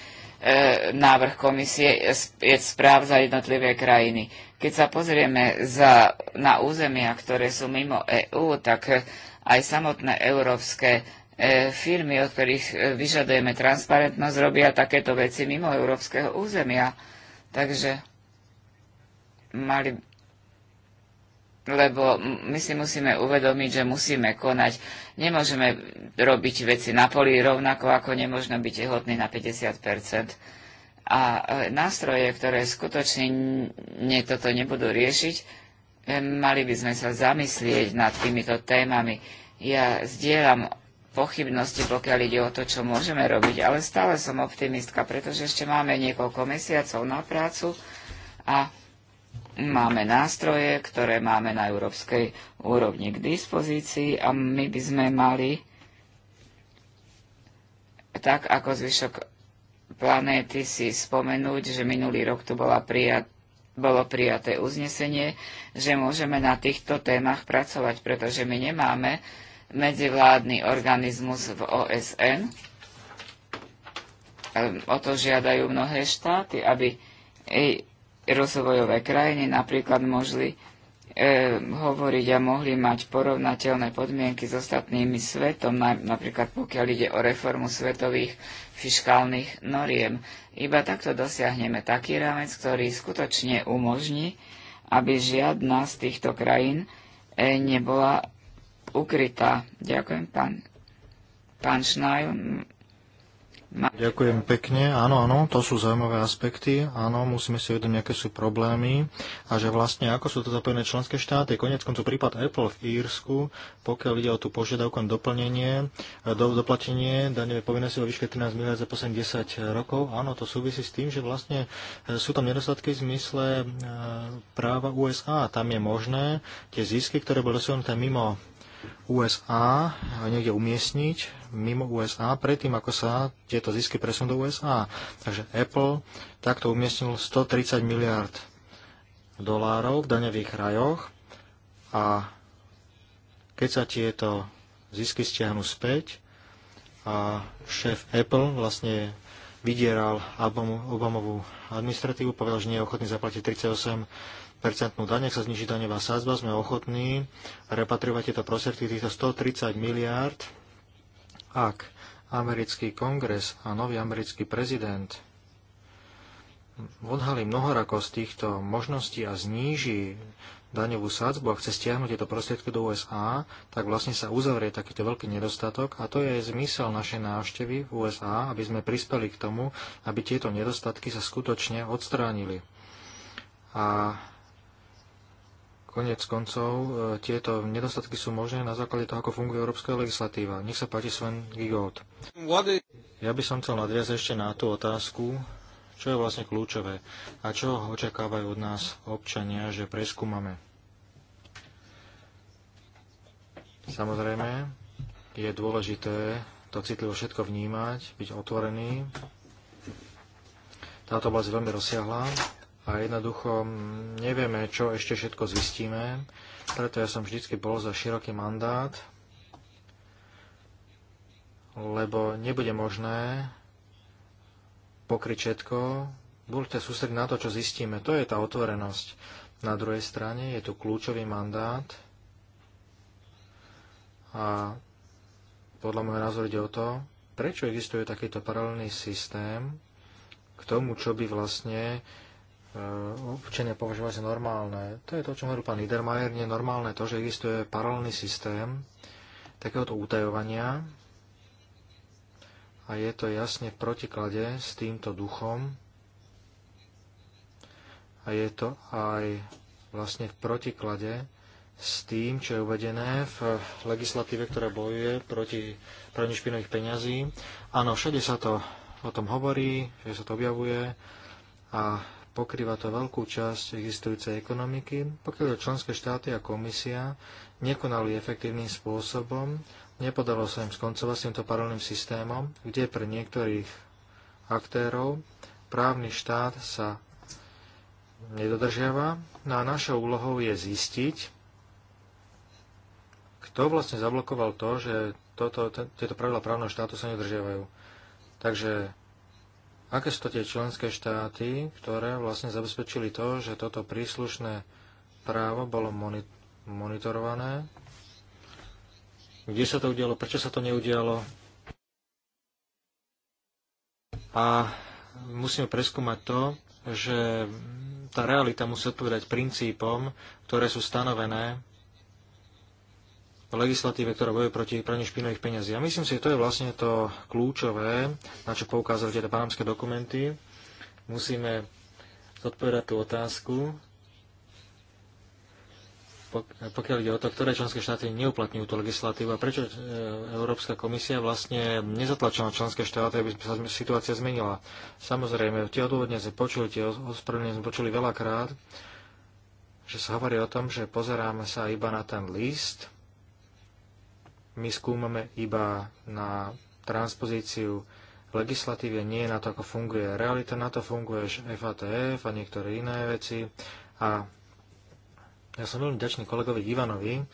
návrh komisie je správ za jednotlivé krajiny. Keď sa pozrieme za, na územia, ktoré sú mimo EÚ, tak aj samotné európske e, firmy, od ktorých e, vyžadujeme transparentnosť, robia takéto veci mimo európskeho územia. Takže mali, lebo my si musíme uvedomiť, že musíme konať. Nemôžeme robiť veci na poli rovnako, ako nemôžno byť tehotný na 50 A e, nástroje, ktoré skutočne ne, toto nebudú riešiť, e, mali by sme sa zamyslieť nad týmito témami. Ja zdieľam pochybnosti, pokiaľ ide o to, čo môžeme robiť, ale stále som optimistka, pretože ešte máme niekoľko mesiacov na prácu a máme nástroje, ktoré máme na európskej úrovni k dispozícii a my by sme mali tak ako zvyšok planéty si spomenúť, že minulý rok tu bola prijat, bolo prijaté uznesenie, že môžeme na týchto témach pracovať, pretože my nemáme medzivládny organizmus v OSN. Ehm, o to žiadajú mnohé štáty, aby rozvojové krajiny napríklad mohli e, hovoriť a mohli mať porovnateľné podmienky s ostatnými svetom, napríklad pokiaľ ide o reformu svetových fiškálnych noriem. Iba takto dosiahneme taký rámec, ktorý skutočne umožní, aby žiadna z týchto krajín e, nebola ukrytá. Ďakujem, pán, pán Šnaj, Ďakujem pekne. Áno, áno, to sú zaujímavé aspekty. Áno, musíme si uvedomiť, aké sú problémy a že vlastne ako sú to zapojené členské štáty. Konec koncu prípad Apple v Írsku, pokiaľ ide o tú požiadavku na doplnenie, eh, do, doplatenie daňovej povinnosti vo výške 13 miliard za posledných 10 rokov. Áno, to súvisí s tým, že vlastne eh, sú tam nedostatky v zmysle eh, práva USA. Tam je možné tie zisky, ktoré boli dosiahnuté mimo USA niekde umiestniť mimo USA predtým, ako sa tieto zisky presunú do USA. Takže Apple takto umiestnil 130 miliard dolárov v daňových rajoch a keď sa tieto zisky stiahnu späť a šéf Apple vlastne vydieral Obamovú administratívu, povedal, že nie je ochotný zaplatiť 38 percentnú daň, ak sa zniží daňová sázba, sme ochotní repatriovať tieto prostriedky, týchto 130 miliárd, ak americký kongres a nový americký prezident odhalí mnohorako z týchto možností a zníži daňovú sádzbu a chce stiahnuť tieto prostriedky do USA, tak vlastne sa uzavrie takýto veľký nedostatok a to je aj zmysel našej návštevy v USA, aby sme prispeli k tomu, aby tieto nedostatky sa skutočne odstránili. A Konec koncov, e, tieto nedostatky sú možné na základe toho, ako funguje európska legislatíva. Nech sa páči Sven Gigold. Ja by som chcel nadviazať ešte na tú otázku, čo je vlastne kľúčové a čo očakávajú od nás občania, že preskúmame. Samozrejme, je dôležité to citlivo všetko vnímať, byť otvorený. Táto oblasť je veľmi rozsiahla a jednoducho nevieme, čo ešte všetko zistíme, preto ja som vždycky bol za široký mandát, lebo nebude možné pokryť všetko, buďte sústrediť na to, čo zistíme. To je tá otvorenosť. Na druhej strane je tu kľúčový mandát a podľa môjho názoru ide o to, prečo existuje takýto paralelný systém k tomu, čo by vlastne Eh, občania považovať za normálne. To je to, o čom pán Niedermayer. Nie normálne to, že existuje paralelný systém takéhoto útajovania a je to jasne v protiklade s týmto duchom a je to aj vlastne v protiklade s tým, čo je uvedené v legislatíve, ktorá bojuje proti praní špinových peňazí. Áno, všade sa to o tom hovorí, že sa to objavuje a pokrýva to veľkú časť existujúcej ekonomiky, pokiaľ členské štáty a komisia nekonali efektívnym spôsobom, nepodalo sa im skoncovať s týmto paralelným systémom, kde pre niektorých aktérov právny štát sa nedodržiava. No a našou úlohou je zistiť, kto vlastne zablokoval to, že toto, tieto pravidla právneho štátu sa nedržiavajú. Takže aké sú to tie členské štáty, ktoré vlastne zabezpečili to, že toto príslušné právo bolo monitorované, kde sa to udialo, prečo sa to neudialo. A musíme preskúmať to, že tá realita musí odpovedať princípom, ktoré sú stanovené legislatíve, ktorá bojuje proti praniu špinavých peniazí. A myslím si, že to je vlastne to kľúčové, na čo poukázali tieto panamské dokumenty. Musíme zodpovedať tú otázku, pokiaľ ide o to, ktoré členské štáty neuplatňujú tú legislatívu a prečo e, Európska komisia vlastne nezatlačila členské štáty, aby sa situácia zmenila. Samozrejme, tie odôvodne sme počuli, tie ospravedlnenia sme počuli veľakrát, že sa hovorí o tom, že pozeráme sa iba na ten list, my skúmame iba na transpozíciu legislatívy, nie na to, ako funguje realita, na to funguje FATF a niektoré iné veci. A ja som veľmi ďačný kolegovi Ivanovi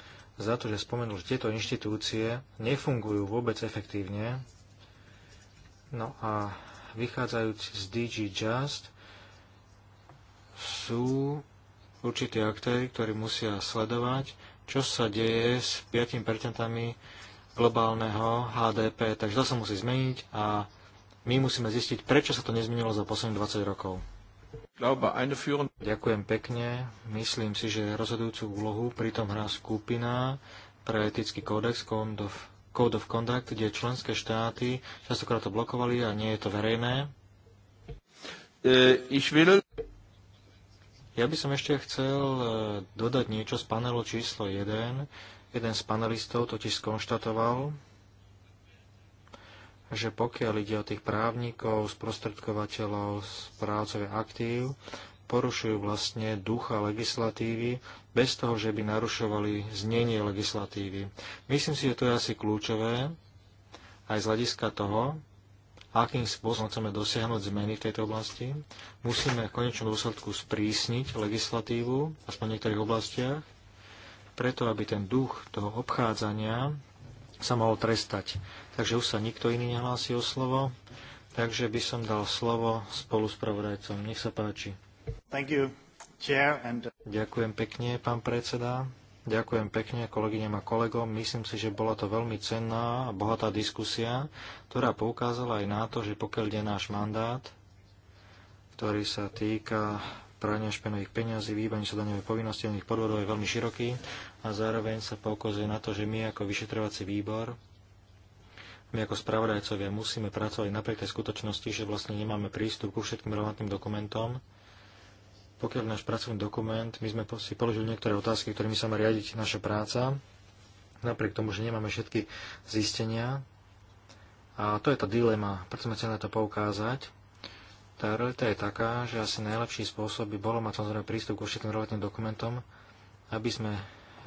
za to, že spomenul, že tieto inštitúcie nefungujú vôbec efektívne. No a vychádzajúc z DG Just sú určití aktéry, ktorí musia sledovať, čo sa deje s 5% globálneho HDP. Takže to sa musí zmeniť a my musíme zistiť, prečo sa to nezmenilo za posledných 20 rokov. Ďakujem pekne. Myslím si, že rozhodujúcu úlohu pritom hrá skupina pre etický kódex Code of, Code of Conduct, kde členské štáty častokrát to blokovali a nie je to verejné. E, ich will... Ja by som ešte chcel e, dodať niečo z panelu číslo 1. Jeden z panelistov totiž skonštatoval, že pokiaľ ide o tých právnikov, sprostredkovateľov, správcov aktív, porušujú vlastne ducha legislatívy bez toho, že by narušovali znenie legislatívy. Myslím si, že to je asi kľúčové aj z hľadiska toho, akým spôsobom chceme dosiahnuť zmeny v tejto oblasti. Musíme v konečnom dôsledku sprísniť legislatívu, aspoň v niektorých oblastiach, preto aby ten duch toho obchádzania sa mohol trestať. Takže už sa nikto iný nehlási o slovo, takže by som dal slovo spolu s pravodajcom. Nech sa páči. Thank you, chair and... Ďakujem pekne, pán predseda. Ďakujem pekne kolegyňam a kolegom. Myslím si, že bola to veľmi cenná a bohatá diskusia, ktorá poukázala aj na to, že pokiaľ je náš mandát, ktorý sa týka prania špenových peňazí, výbaní sa daňovej povinnosti a ich podvodov je veľmi široký a zároveň sa poukazuje na to, že my ako vyšetrovací výbor my ako spravodajcovia musíme pracovať napriek tej skutočnosti, že vlastne nemáme prístup ku všetkým relevantným dokumentom, pokiaľ náš pracovný dokument, my sme si položili niektoré otázky, ktorými sa má riadiť naša práca, napriek tomu, že nemáme všetky zistenia. A to je tá dilema, preto sme chceli na to poukázať. Tá realita je taká, že asi najlepší spôsob by bolo mať samozrejme prístup k všetkým relevantným dokumentom, aby sme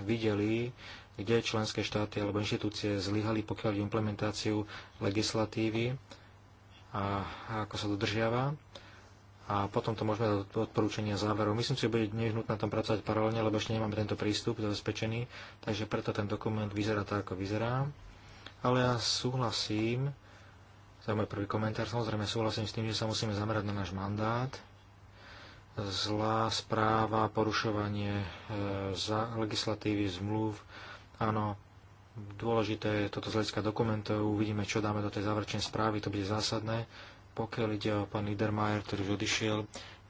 videli, kde členské štáty alebo inštitúcie zlyhali, pokiaľ implementáciu legislatívy a ako sa dodržiava a potom to môžeme do odporúčania záveru. Myslím si, že bude nevyhnutné tam pracovať paralelne, lebo ešte nemáme tento prístup zabezpečený, takže preto ten dokument vyzerá tak, ako vyzerá. Ale ja súhlasím, to je môj prvý komentár, samozrejme súhlasím s tým, že sa musíme zamerať na náš mandát. Zlá správa, porušovanie e, za legislatívy, zmluv, áno, dôležité je toto z hľadiska dokumentov, uvidíme, čo dáme do tej záverečnej správy, to bude zásadné. Pokiaľ ide o pán Niedermayer, ktorý už odišiel,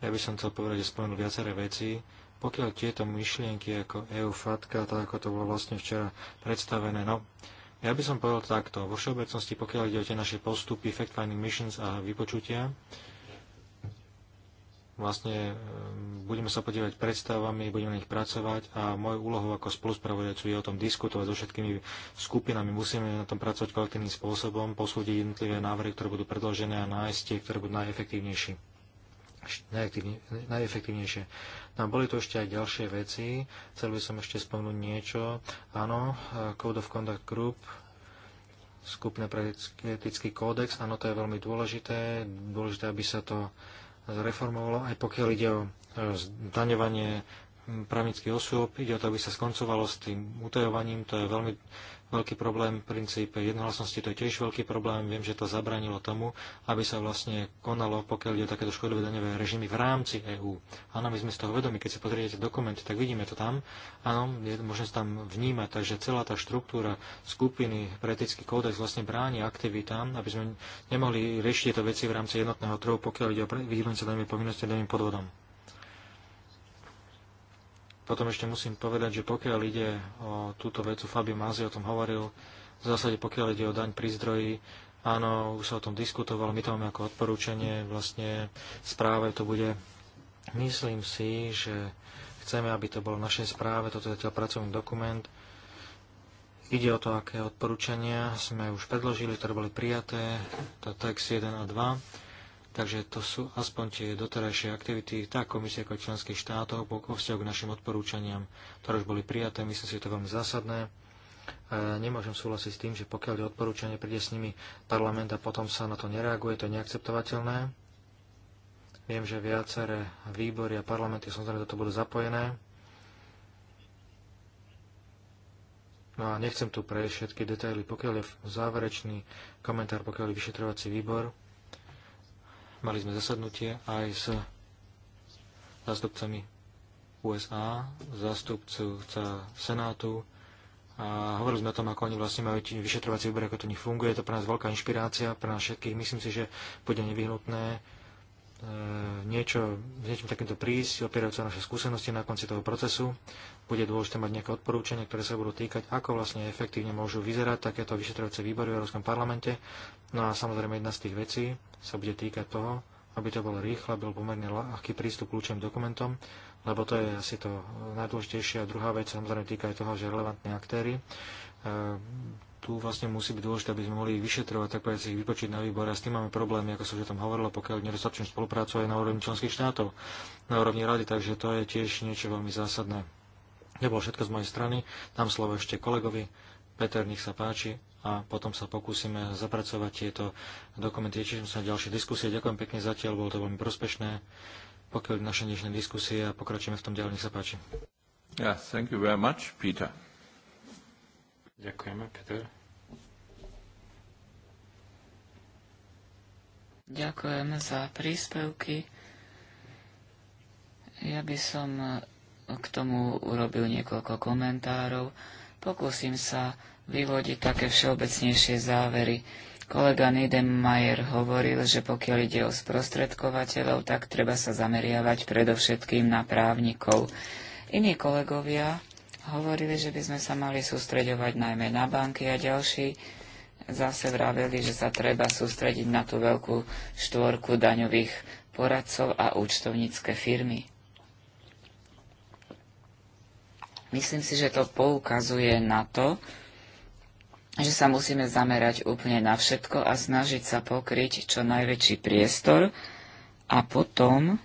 ja by som chcel povedať, že spomenul viaceré veci. Pokiaľ tieto myšlienky ako EU fatka, tak ako to bolo vlastne včera predstavené, no, ja by som povedal takto. Vo všeobecnosti, pokiaľ ide o tie naše postupy, fact-finding missions a vypočutia, vlastne ehm, budeme sa podívať predstavami, budeme na nich pracovať a môj úlohou ako spoluspravodajcu je o tom diskutovať so všetkými skupinami. Musíme na tom pracovať kolektívnym spôsobom, posúdiť jednotlivé návrhy, ktoré budú predložené a nájsť tie, ktoré budú najefektívnejšie. najefektívnejšie. No, boli tu ešte aj ďalšie veci. Chcel by som ešte spomnúť niečo. Áno, eh, Code of Conduct Group skupina pre etický kódex. Áno, to je veľmi dôležité. Dôležité, aby sa to zreformovalo, aj pokiaľ ide o e, zdaňovanie právnických osôb, ide o to, aby sa skoncovalo s tým utajovaním, to je veľmi veľký problém v princípe jednohlasnosti, to je tiež veľký problém. Viem, že to zabranilo tomu, aby sa vlastne konalo, pokiaľ ide o takéto škodové daňové režimy v rámci EÚ. Áno, my sme z toho vedomi, keď si pozriete dokumenty, tak vidíme to tam. Áno, je možné sa tam vnímať, takže celá tá štruktúra skupiny pre etický kódex vlastne bráni aktivitám, aby sme nemohli riešiť tieto veci v rámci jednotného trhu, pokiaľ ide o výhľadnice daňovej povinnosti a daňovým podvodom. Potom ešte musím povedať, že pokiaľ ide o túto vecu, Fabio Mazi o tom hovoril, v zásade pokiaľ ide o daň pri zdroji, áno, už sa o tom diskutovalo, my to máme ako odporúčanie, vlastne správe to bude. Myslím si, že chceme, aby to bolo v našej správe, toto je zatiaľ pracovný dokument. Ide o to, aké odporúčania sme už predložili, ktoré boli prijaté, To text 1 a 2. Takže to sú aspoň tie doterajšie aktivity tá komisie ako členských štátov po vzťahu k našim odporúčaniam, ktoré už boli prijaté. Myslím si, že to je veľmi zásadné. E, nemôžem súhlasiť s tým, že pokiaľ je odporúčanie, príde s nimi parlament a potom sa na to nereaguje, to je neakceptovateľné. Viem, že viaceré výbory a parlamenty samozrejme do toho budú zapojené. No a nechcem tu prejsť všetky detaily, pokiaľ je záverečný komentár, pokiaľ je vyšetrovací výbor, Mali sme zasadnutie aj s zástupcami USA, zástupcovca Senátu a hovorili sme o tom, ako oni vlastne majú vyšetrovací výbor, ako to nefunguje. Je to pre nás veľká inšpirácia, pre nás všetkých. Myslím si, že bude nevyhnutné E, niečo, niečím takýmto prísť, opierajúc sa naše skúsenosti na konci toho procesu. Bude dôležité mať nejaké odporúčania, ktoré sa budú týkať, ako vlastne efektívne môžu vyzerať takéto vyšetrovacie výbory v Európskom parlamente. No a samozrejme jedna z tých vecí sa bude týkať toho, aby to bolo rýchle, bol pomerne ľahký prístup k kľúčovým dokumentom, lebo to je asi to najdôležitejšie. A druhá vec samozrejme týka aj toho, že relevantní aktéry tu vlastne musí byť dôležité, aby sme mohli vyšetrovať, tak povedať, si ich vypočiť na výbore. A s tým máme problémy, ako som už o tom hovorila, pokiaľ nedostačujem spoluprácu aj na úrovni členských štátov, na úrovni rady, takže to je tiež niečo veľmi zásadné. To bolo všetko z mojej strany. Dám slovo ešte kolegovi. Peter, nech sa páči a potom sa pokúsime zapracovať tieto dokumenty. Teším sa na ďalšie diskusie. Ďakujem pekne zatiaľ, bolo to veľmi prospešné. Pokiaľ naše dnešné diskusie a pokračujeme v tom ďalej, nech sa páči. Yeah, thank you very much, Peter. Ďakujeme, Peter. Ďakujem za príspevky. Ja by som k tomu urobil niekoľko komentárov. Pokúsim sa vyvodiť také všeobecnejšie závery. Kolega Niedermayer hovoril, že pokiaľ ide o sprostredkovateľov, tak treba sa zameriavať predovšetkým na právnikov. Iní kolegovia hovorili, že by sme sa mali sústreďovať najmä na banky a ďalší zase vraveli, že sa treba sústrediť na tú veľkú štvorku daňových poradcov a účtovnícke firmy. Myslím si, že to poukazuje na to, že sa musíme zamerať úplne na všetko a snažiť sa pokryť čo najväčší priestor a potom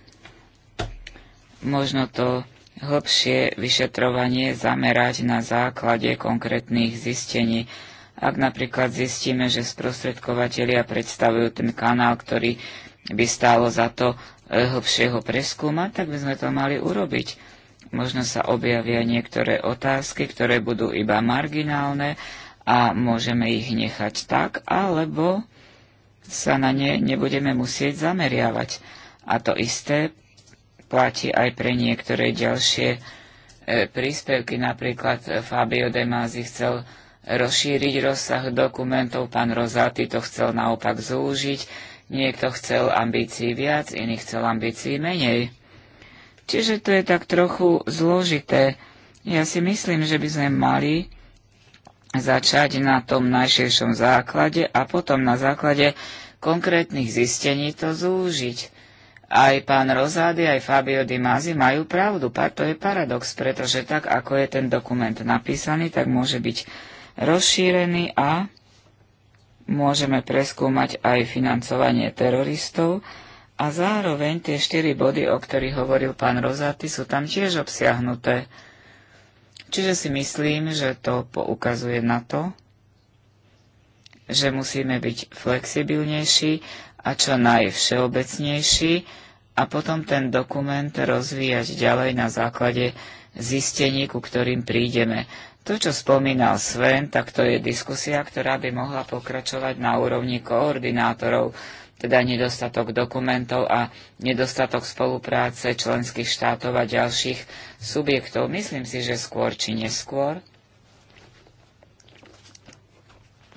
možno to hlbšie vyšetrovanie zamerať na základe konkrétnych zistení. Ak napríklad zistíme, že sprostredkovateľia predstavujú ten kanál, ktorý by stálo za to e, hlbšie ho preskúmať, tak by sme to mali urobiť. Možno sa objavia niektoré otázky, ktoré budú iba marginálne a môžeme ich nechať tak, alebo sa na ne nebudeme musieť zameriavať. A to isté platí aj pre niektoré ďalšie e, príspevky. Napríklad Fabio De Masi chcel rozšíriť rozsah dokumentov, pán Rozaty to chcel naopak zúžiť, niekto chcel ambícií viac, iný chcel ambícií menej. Čiže to je tak trochu zložité. Ja si myslím, že by sme mali začať na tom najširšom základe a potom na základe konkrétnych zistení to zúžiť. Aj pán Rozády, aj Fabio Di Mazi majú pravdu. To je paradox, pretože tak, ako je ten dokument napísaný, tak môže byť rozšírený a môžeme preskúmať aj financovanie teroristov a zároveň tie štyri body, o ktorých hovoril pán Rozáty, sú tam tiež obsiahnuté. Čiže si myslím, že to poukazuje na to, že musíme byť flexibilnejší a čo najvšeobecnejší a potom ten dokument rozvíjať ďalej na základe zistení, ku ktorým prídeme. To, čo spomínal Sven, tak to je diskusia, ktorá by mohla pokračovať na úrovni koordinátorov, teda nedostatok dokumentov a nedostatok spolupráce členských štátov a ďalších subjektov. Myslím si, že skôr či neskôr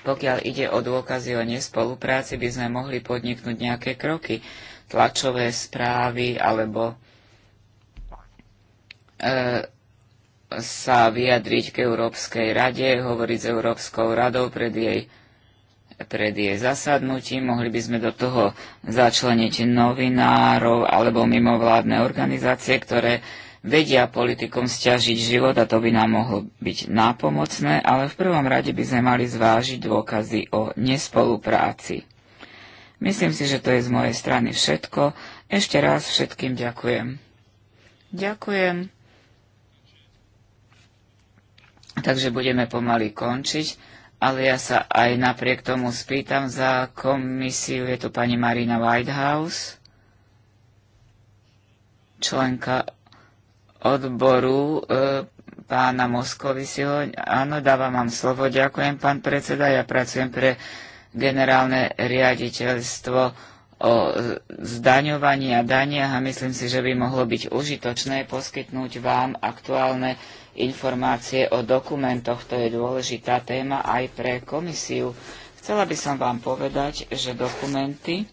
Pokiaľ ide o dôkazy o nespolupráci, by sme mohli podniknúť nejaké kroky, tlačové správy alebo e, sa vyjadriť k Európskej rade, hovoriť s Európskou radou pred jej, pred jej zasadnutím. Mohli by sme do toho začleniť novinárov alebo mimovládne organizácie, ktoré vedia politikom stiažiť život a to by nám mohlo byť nápomocné, ale v prvom rade by sme mali zvážiť dôkazy o nespolupráci. Myslím si, že to je z mojej strany všetko. Ešte raz všetkým ďakujem. Ďakujem. Takže budeme pomaly končiť, ale ja sa aj napriek tomu spýtam za komisiu. Je tu pani Marina Whitehouse členka odboru e, pána Moskovisiho. Áno, dávam vám slovo. Ďakujem, pán predseda. Ja pracujem pre generálne riaditeľstvo o zdaňovaní a daniach a myslím si, že by mohlo byť užitočné poskytnúť vám aktuálne informácie o dokumentoch. To je dôležitá téma aj pre komisiu. Chcela by som vám povedať, že dokumenty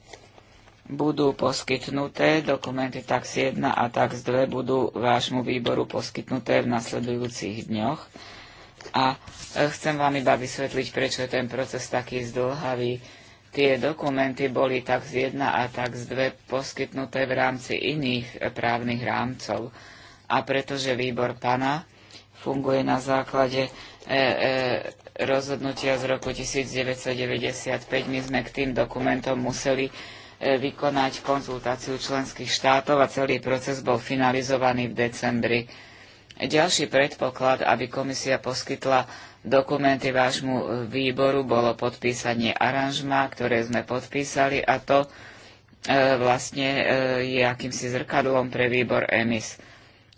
budú poskytnuté, dokumenty tax 1 a tax 2 budú vášmu výboru poskytnuté v nasledujúcich dňoch. A e, chcem vám iba vysvetliť, prečo je ten proces taký zdlhavý. Tie dokumenty boli tax 1 a tax 2 poskytnuté v rámci iných e, právnych rámcov. A pretože výbor pana funguje na základe e, e, rozhodnutia z roku 1995, my sme k tým dokumentom museli E, vykonať konzultáciu členských štátov a celý proces bol finalizovaný v decembri. Ďalší predpoklad, aby komisia poskytla dokumenty vášmu e, výboru, bolo podpísanie aranžma, ktoré sme podpísali a to e, vlastne e, je akýmsi zrkadlom pre výbor EMIS.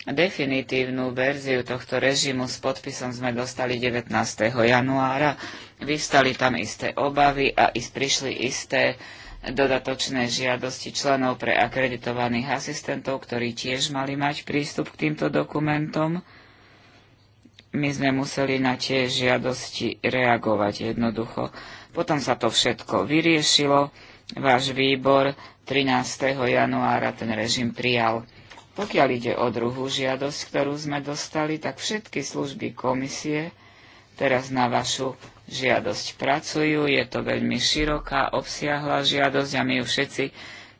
Definitívnu verziu tohto režimu s podpisom sme dostali 19. januára. Vystali tam isté obavy a prišli isté dodatočné žiadosti členov pre akreditovaných asistentov, ktorí tiež mali mať prístup k týmto dokumentom. My sme museli na tie žiadosti reagovať jednoducho. Potom sa to všetko vyriešilo. Váš výbor 13. januára ten režim prijal. Pokiaľ ide o druhú žiadosť, ktorú sme dostali, tak všetky služby komisie teraz na vašu žiadosť pracujú. Je to veľmi široká, obsiahla žiadosť a my ju všetci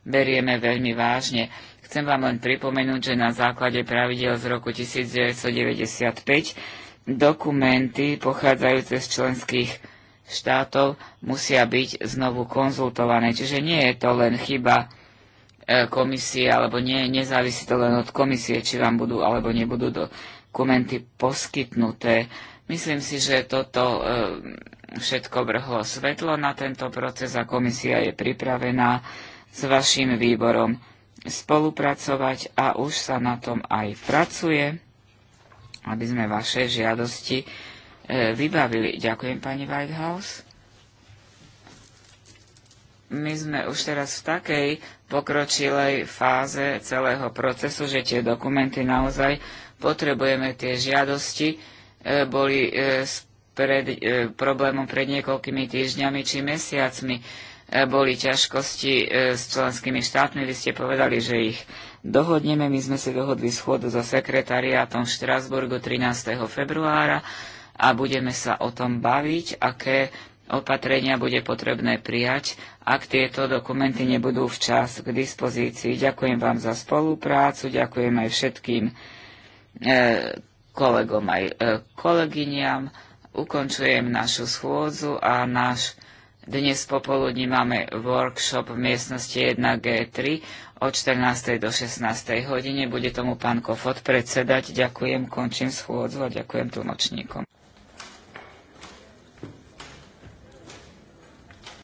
berieme veľmi vážne. Chcem vám len pripomenúť, že na základe pravidel z roku 1995 dokumenty pochádzajúce z členských štátov musia byť znovu konzultované. Čiže nie je to len chyba e, komisie, alebo nie, nezávisí to len od komisie, či vám budú alebo nebudú dokumenty poskytnuté. Myslím si, že toto eh, všetko vrhlo svetlo na tento proces a komisia je pripravená s vašim výborom spolupracovať a už sa na tom aj pracuje, aby sme vaše žiadosti eh, vybavili. Ďakujem, pani Whitehouse. My sme už teraz v takej pokročilej fáze celého procesu, že tie dokumenty naozaj potrebujeme tie žiadosti, E, boli e, pred, e, problémom pred niekoľkými týždňami či mesiacmi. Boli ťažkosti s členskými štátmi, vy ste povedali, že ich dohodneme. My sme si dohodli schôdu so sekretariátom v Štrasburgu 13. februára a budeme sa o tom baviť, aké opatrenia bude potrebné prijať, ak tieto dokumenty nebudú včas k dispozícii. Ďakujem vám za spoluprácu, ďakujem aj všetkým e, kolegom aj e, kolegyniam. Ukončujem našu schôdzu a náš dnes popoludní máme workshop v miestnosti 1G3 od 14. do 16. hodine. Bude tomu pán Kofot predsedať. Ďakujem, končím schôdzu a ďakujem tlmočníkom.